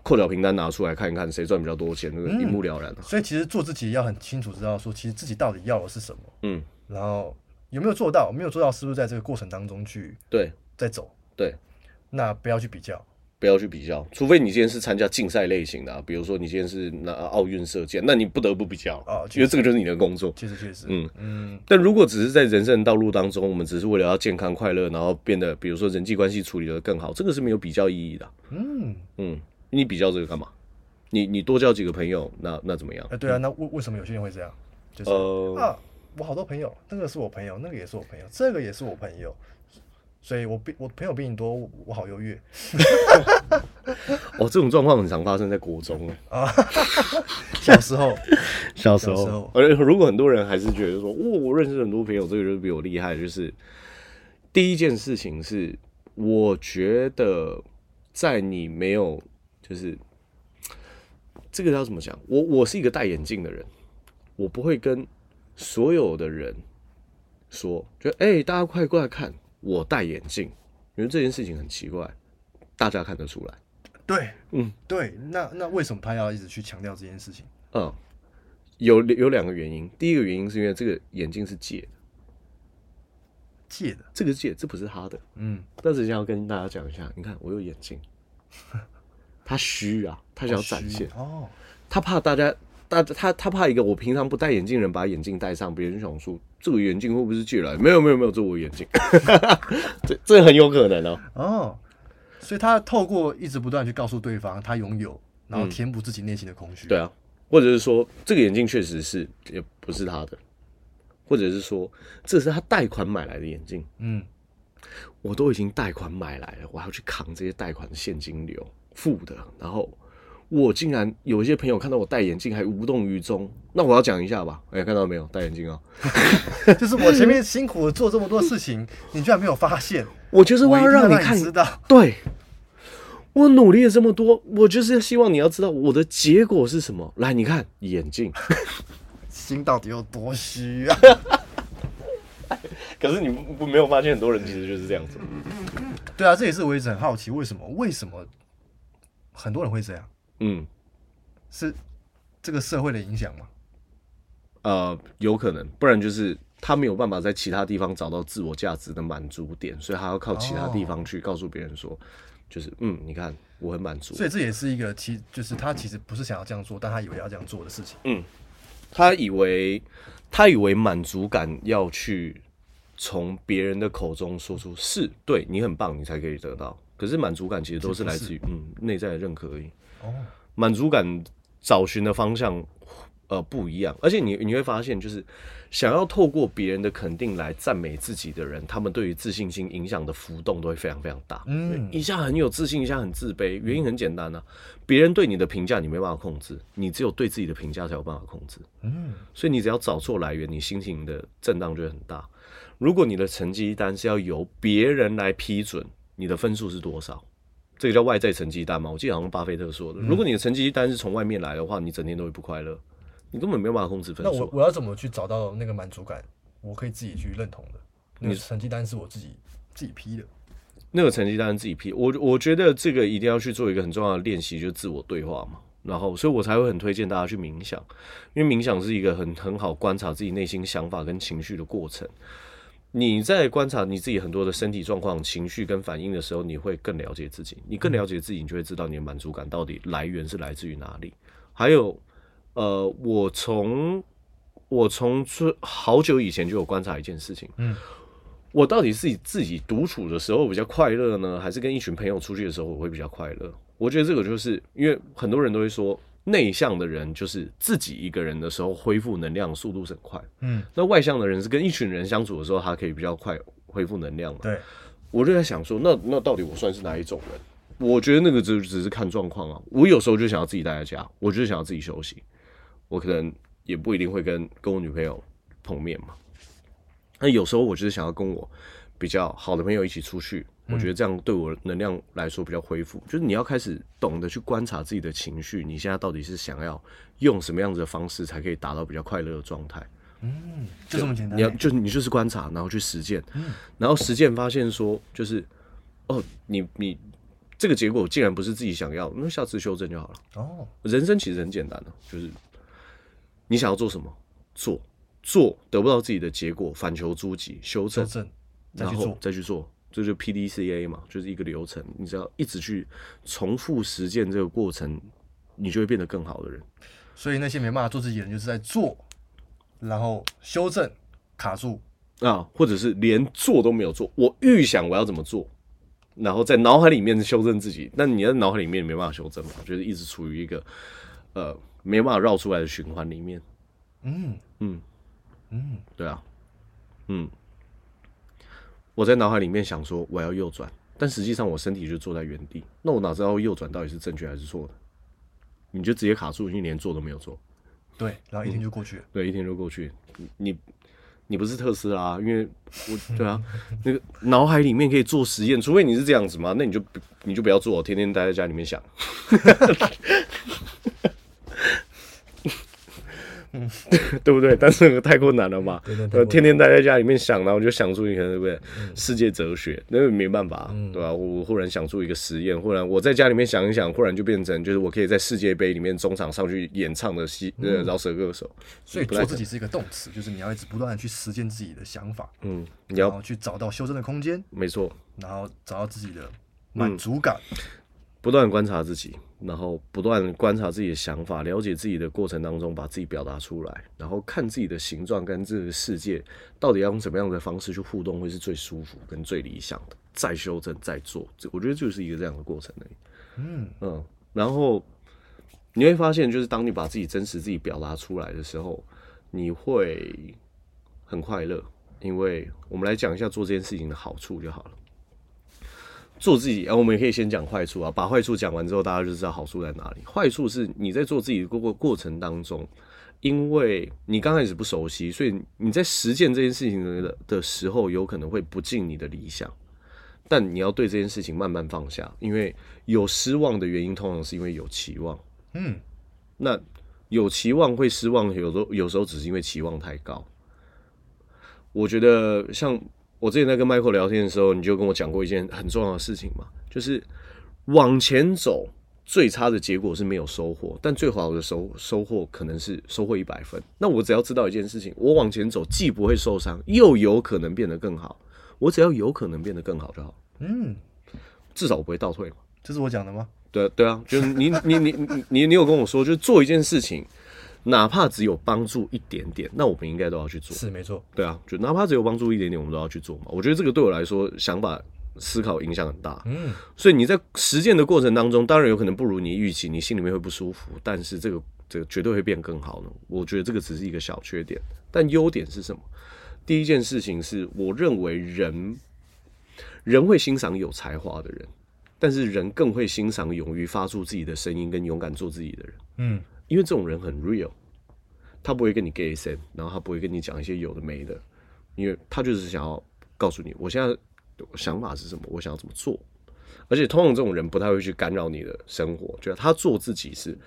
扣掉平單拿出來看一看，誰賺比較多錢，那、嗯這個一目了然、啊。所以其實做自己要很清楚，知道說其實自己到底要的是什麼。嗯，然後有沒有做到？沒有做到，是不是在這個過程當中去對再走對？對，那不要去比較，不要去比較。除非你今天是參加競賽類型的、啊，比如說你今天是那奧運射箭，那你不得不比較啊、哦，因為這個就是你的工作。確實確實，嗯嗯。但如果只是在人生的道路當中，我們只是為了要健康快樂，然後變得比如說人際關係處理得更好，這個是沒有比較意義的、啊。嗯嗯。你比較這個幹嘛？你你多交幾個朋友，那那怎麼樣？欸，對啊，那為為什麼有些人會這樣？就是、呃、啊，我好多朋友，那個是我朋友，那個也是我朋友，這個也是我朋友，所以我比我朋友比你多，我，我好優越。 (laughs) (laughs) 哦，這種狀況很常發生在國中，啊 (laughs) 小時候， (laughs) 小時候，小時候，而如果很多人還是覺得說，哦，我認識很多朋友，這個人比我厲害，就是第一件事情是，我覺得在你沒有。就是這個要怎麼講？我我是一個戴眼鏡的人，我不會跟所有的人說，就哎、欸，大家快過來看，我戴眼鏡，因為這件事情很奇怪，大家看得出來。對，嗯，對，那那為什麼他要一直去強調這件事情？嗯，有有兩個原因，第一個原因是因為這個眼鏡是借的，借的，這個借，這不是他的。嗯，但是你要跟大家講一下，你看我有眼鏡。 (laughs) 他虛啊，他想展現哦，oh, oh. 他怕大家大他他，他怕一個我平常不戴眼鏡的人把眼鏡戴上，別人就想說這個眼鏡會不會是借來？沒有沒有沒有，這我眼鏡，這 (laughs) 這很有可能哦、啊、哦，oh. 所以他透過一直不斷去告訴對方他擁有，然後填補自己內心的空虛、嗯。對啊，或者是說這個眼鏡確實是也不是他的，或者是說這是他貸款買來的眼鏡，嗯，我都已經貸款買來了，我還要去扛這些貸款的現金流。負的，然後我竟然有一些朋友看到我戴眼鏡還無動於衷，那我要講一下吧。哎、欸，看到沒有？戴眼鏡啊、喔， (laughs) 就是我前面辛苦的做這麼多事情， (laughs) 你居然沒有發現？我就是我要讓你看，我一定要讓你知道，對，我努力了這麼多，我就是希望你要知道我的結果是什麼。來，你看眼鏡， (laughs) 心到底有多虛啊？ (laughs) 可是你不沒有發現，很多人其實就是這樣子。對、嗯嗯、對啊，這也是我一直很好奇，為什麼？為什麼？很多人會這樣，嗯，是這個社會的影響嗎？呃，有可能，不然就是他沒有辦法在其他地方找到自我價值的滿足點，所以他要靠其他地方去告訴別人說，哦，就是嗯，你看我很滿足。所以這也是一個其就是他其實不是想要這樣做，嗯，但他以為要這樣做的事情。嗯，他以為他以為滿足感要去從別人的口中說出，是對你很棒，你才可以得到。可是滿足感其實都是來自於，嗯，內在的認可而已。oh. 滿足感找尋的方向，呃，不一樣，而且你你會發現，就是想要透過別人的肯定來讚美自己的人，他們對於自信心影響的浮動都會非常非常大。嗯，一下很有自信，一下很自卑，原因很簡單啊，嗯、別人對你的評價，你沒辦法控制，你只有對自己的評價才有辦法控制。嗯，所以你只要找錯來源，你心情的震盪就會很大。如果你的成績單是要由別人來批准。你的分數是多少？這個叫外在成績單嗎？我記得好像巴菲特說的，如果你的成績單是從外面來的話，你整天都會不快樂，你根本沒有辦法控制分數。那我我要怎麼去找到那個滿足感？我可以自己去認同的。你、那個、成績單是我自己自己批的，那個成績單自己批，我我覺得這個一定要去做一個很重要的練習，就是自我對話嘛。然後，所以我才會很推薦大家去冥想，因為冥想是一個很很好觀察自己內心想法跟情緒的過程。你在觀察你自己很多的身體狀況、情緒跟反應的時候，你會更了解自己。你更了解自己，你就會知道你的滿足感到底來源是來自於哪裡。還有，呃，我從我從好久以前就有觀察一件事情，嗯，我到底是自己獨處的時候比較快樂呢？還是跟一群朋友出去的時候我會比較快樂？我覺得這個就是，因為很多人都會說。內向的人就是自己一個人的時候恢復能量速度是很快，嗯，那外向的人是跟一群人相處的時候，他可以比較快恢復能量嘛？對，我就在想說，那那到底我算是哪一種人？我覺得那個只只是看狀況啊。我有時候就想要自己待在家，我就想要自己休息，我可能也不一定會跟跟我女朋友碰面嘛。那有時候我就是想要跟我比較好的朋友一起出去。我覺得這樣對我的能量來說比較恢復。就是你要開始懂得去觀察自己的情緒，你現在到底是想要用什麼樣子的方式才可以達到比較快樂的狀態？嗯，就這麼簡單。你要就你就是觀察，然後去實踐，嗯，然後實踐發現說，就是哦，你你這個結果竟然不是自己想要，那下次修正就好了。哦，人生其實很簡單的啊，就是你想要做什麼，做做得不到自己的結果，反求諸己，修正，修正，然後再去做。這就 PDCA 嘛，就是一個流程。你只要一直去重複實踐這個過程，你就會變得更好的人。所以那些沒辦法做自己的人，就是在做，然後修正、卡住啊，或者是連做都沒有做。我預想我要怎麼做，然後在腦海裡面修正自己。那你的腦海裡面沒辦法修正嘛，就是一直處於一個呃沒辦法繞出來的循環裡面。嗯嗯嗯，對啊，嗯。我在腦海裡面想說我要右轉，但實際上我身體就坐在原地，那我哪知道右轉到底是正確還是錯的？你就直接卡住，你連做都沒有做，對，然後一天就過去，嗯，對，一天就過去。你你不是特斯拉，因為我對啊，那個腦海裡面可以做實驗，除非你是這樣子嘛，那你就你就不要做，我天天待在家裡面想。 (laughs) 對 (laughs) 對不對？但是太困難了嘛。對對對。天天待在家裡面想，嗯、然後我就想出一個對對、嗯、世界哲學，那個沒辦法，嗯、對吧、啊？我忽然想出一個實驗，忽然我在家裡面想一想，忽然就變成就是我可以在世界杯裡面中場上去演唱的戲，呃饒、嗯、舌歌手。所以做自己是一個動詞，就是你要一直不斷的去實踐自己的想法。嗯。你要去找到修正的空間。沒錯。然後找到自己的滿足感，嗯、不斷觀察自己。然後不斷觀察自己的想法，了解自己的過程當中，把自己表達出來，然後看自己的形狀跟這個世界到底要用什麼樣的方式去互動，會是最舒服跟最理想的，再修正再做，這我覺得就是一個這樣的過程而已。嗯嗯，然後你會發現，就是當你把自己真實自己表達出來的時候，你會很快樂，因為我們來講一下做這件事情的好處就好了。做自己，啊，我們也可以先講壞處啊。把壞處講完之後，大家就知道好處在哪裡。壞處是你在做自己的過過過程當中，因為你剛開始不熟悉，所以你在實踐這件事情的的時候，有可能會不盡你的理想。但你要對這件事情慢慢放下，因為有失望的原因，通常是因為有期望。嗯，那有期望會失望有，有時候有時候只是因為期望太高。我覺得像。我之前在跟麥克聊天的時候，你就跟我講過一件很重要的事情嘛，就是往前走，最差的結果是沒有收穫，但最好的收收穫可能是收穫一百分。那我只要知道一件事情，我往前走既不會受傷，又有可能變得更好。我只要有可能變得更好就好。嗯，至少我不會倒退嘛。這是我講的嗎？對對啊，就是你你你你你，你有跟我說，就是做一件事情。哪怕只有幫助一點點，那我們應該都要去做。是沒錯，對啊，就哪怕只有幫助一點點，我們都要去做嘛。我覺得這個對我來說，想法、思考影響很大。嗯，所以你在實踐的過程當中，當然有可能不如你預期，你心裡面會不舒服。但是這個這個絕對會變更好呢。我覺得這個只是一個小缺點，但優點是什麼？第一件事情是，我認為人，人會欣賞有才華的人，但是人更會欣賞勇於發出自己的聲音跟勇敢做自己的人。嗯。因為這種人很 real，他不會跟你 g a y 什，然後他不會跟你講一些有的沒的，因為他就是想要告訴你，我現在的想法是什麼，我想要怎麼做。而且通常這種人不太會去干擾你的生活，就他做自己是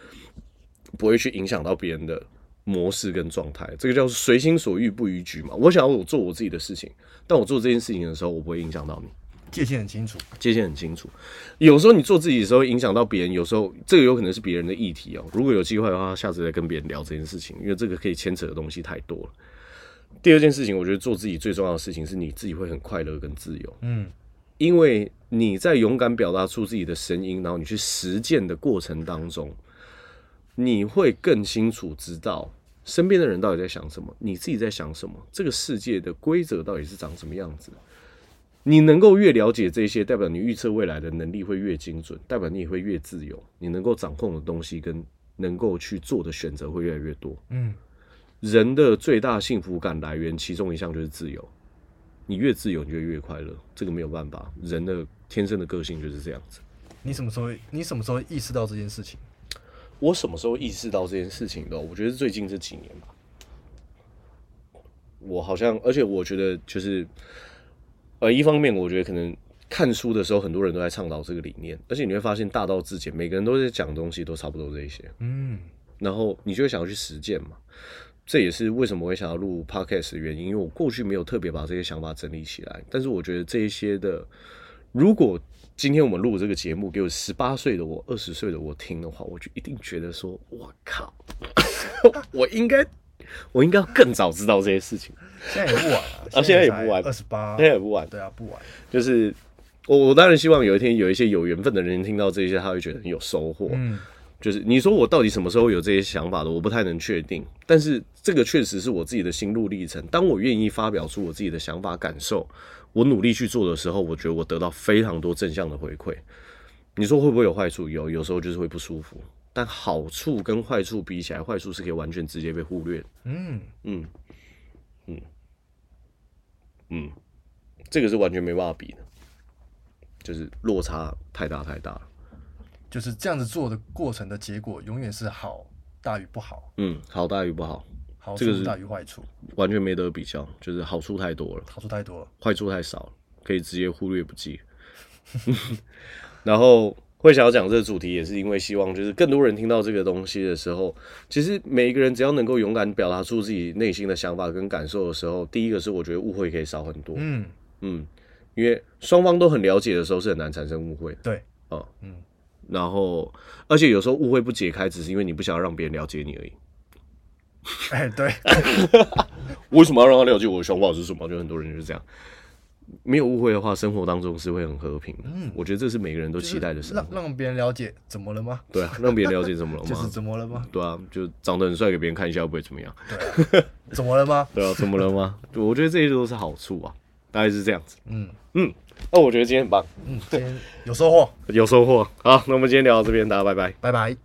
不會去影響到別人的模式跟狀態。這個叫隨心所欲不逾矩嘛。我想要我做我自己的事情，但我做這件事情的時候，我不會影響到你。界限很清楚，界限很清楚。有時候你做自己的時候影響到別人，有時候這個有可能是別人的議題哦。如果有機會的話，下次再跟別人聊這件事情，因為這個可以牽扯的東西太多了。第二件事情，我覺得做自己最重要的事情是你自己會很快樂跟自由。嗯，因為你在勇敢表達出自己的聲音，然後你去實踐的過程當中，你會更清楚知道身邊的人到底在想什麼，你自己在想什麼，這個世界的規則到底是長什麼樣子。你能夠越了解這些，代表你預測未來的能力會越精準，代表你也會越自由。你能夠掌控的東西，跟能夠去做的選擇會越來越多。嗯，人的最大幸福感來源，其中一項就是自由。你越自由，你就越快樂。這個沒有辦法，人的天生的個性就是這樣子。你什麼時候？你什麼時候意識到這件事情？我什麼時候意識到這件事情的？我覺得最近這幾年吧。我好像，而且我覺得就是。呃，一方面我覺得可能看書的時候，很多人都在倡導這個理念，而且你會發現大道至簡，每個人都在講東西，都差不多這一些。嗯，然後你就會想要去實踐嘛，這也是為什麼我會想要錄 Podcast 的原因。因為我過去沒有特別把這些想法整理起來，但是我覺得這一些的，如果今天我們錄這個節目給我十八歲的我，二十歲的我聽的話，我就一定覺得說，靠 (laughs) 我靠，我應該，我應該要更早知道這些事情。現在也不晚了，啊， (laughs) 現在也才28，啊，現在也不晚，二十八，現在也不晚，對啊，不晚。就是我，我當然希望有一天有一些有緣分的人聽到這些，他會覺得很有收穫。嗯，就是你說我到底什麼時候有這些想法的，我不太能確定。但是這個確實是我自己的心路歷程。當我願意發表出我自己的想法、感受，我努力去做的時候，我覺得我得到非常多正向的回饋。你說會不會有壞處？有，有時候就是會不舒服。但好處跟壞處比起來，壞處是可以完全直接被忽略。嗯嗯。嗯，這個是完全沒辦法比的，就是落差太大太大了。就是這樣子做的過程的結果，永遠是好大於不好。嗯，好大於不好，好處大於壞處，這個、完全沒得比較，就是好處太多了，好處太多了，壞處太少了，可以直接忽略不計。 (laughs) (laughs) 然後。會想要講這個主題，也是因為希望就是更多人聽到這個東西的時候，其實每一個人只要能夠勇敢表達出自己內心的想法跟感受的時候，第一個是我覺得誤會可以少很多。嗯嗯，因為雙方都很了解的時候，是很難產生誤會的。對啊、哦，嗯，然後而且有時候誤會不解開，只是因為你不想要讓別人了解你而已。哎、 (laughs) 欸，對，對 (laughs) 為什麼要讓他了解我的想法是什麼？就很多人就是這樣。沒有誤會的話，生活當中是會很和平。嗯，我覺得這是每個人都期待的事情。就是，讓，讓別人了解怎麼了嗎？ (laughs) 對啊，讓別人了解怎麼了嗎？這、就是怎麼了嗎？對啊，就長得很帥，給別人看一下，不會怎麼樣？怎麼了嗎？對啊，怎麼了嗎？ (laughs) 啊、了嗎 (laughs) 我覺得這些都是好處啊，大概是這樣子。嗯嗯，那、哦、我覺得今天很棒，嗯，今天有收穫， (laughs) 有收穫。好，那我們今天聊到這邊，大家拜拜，拜拜。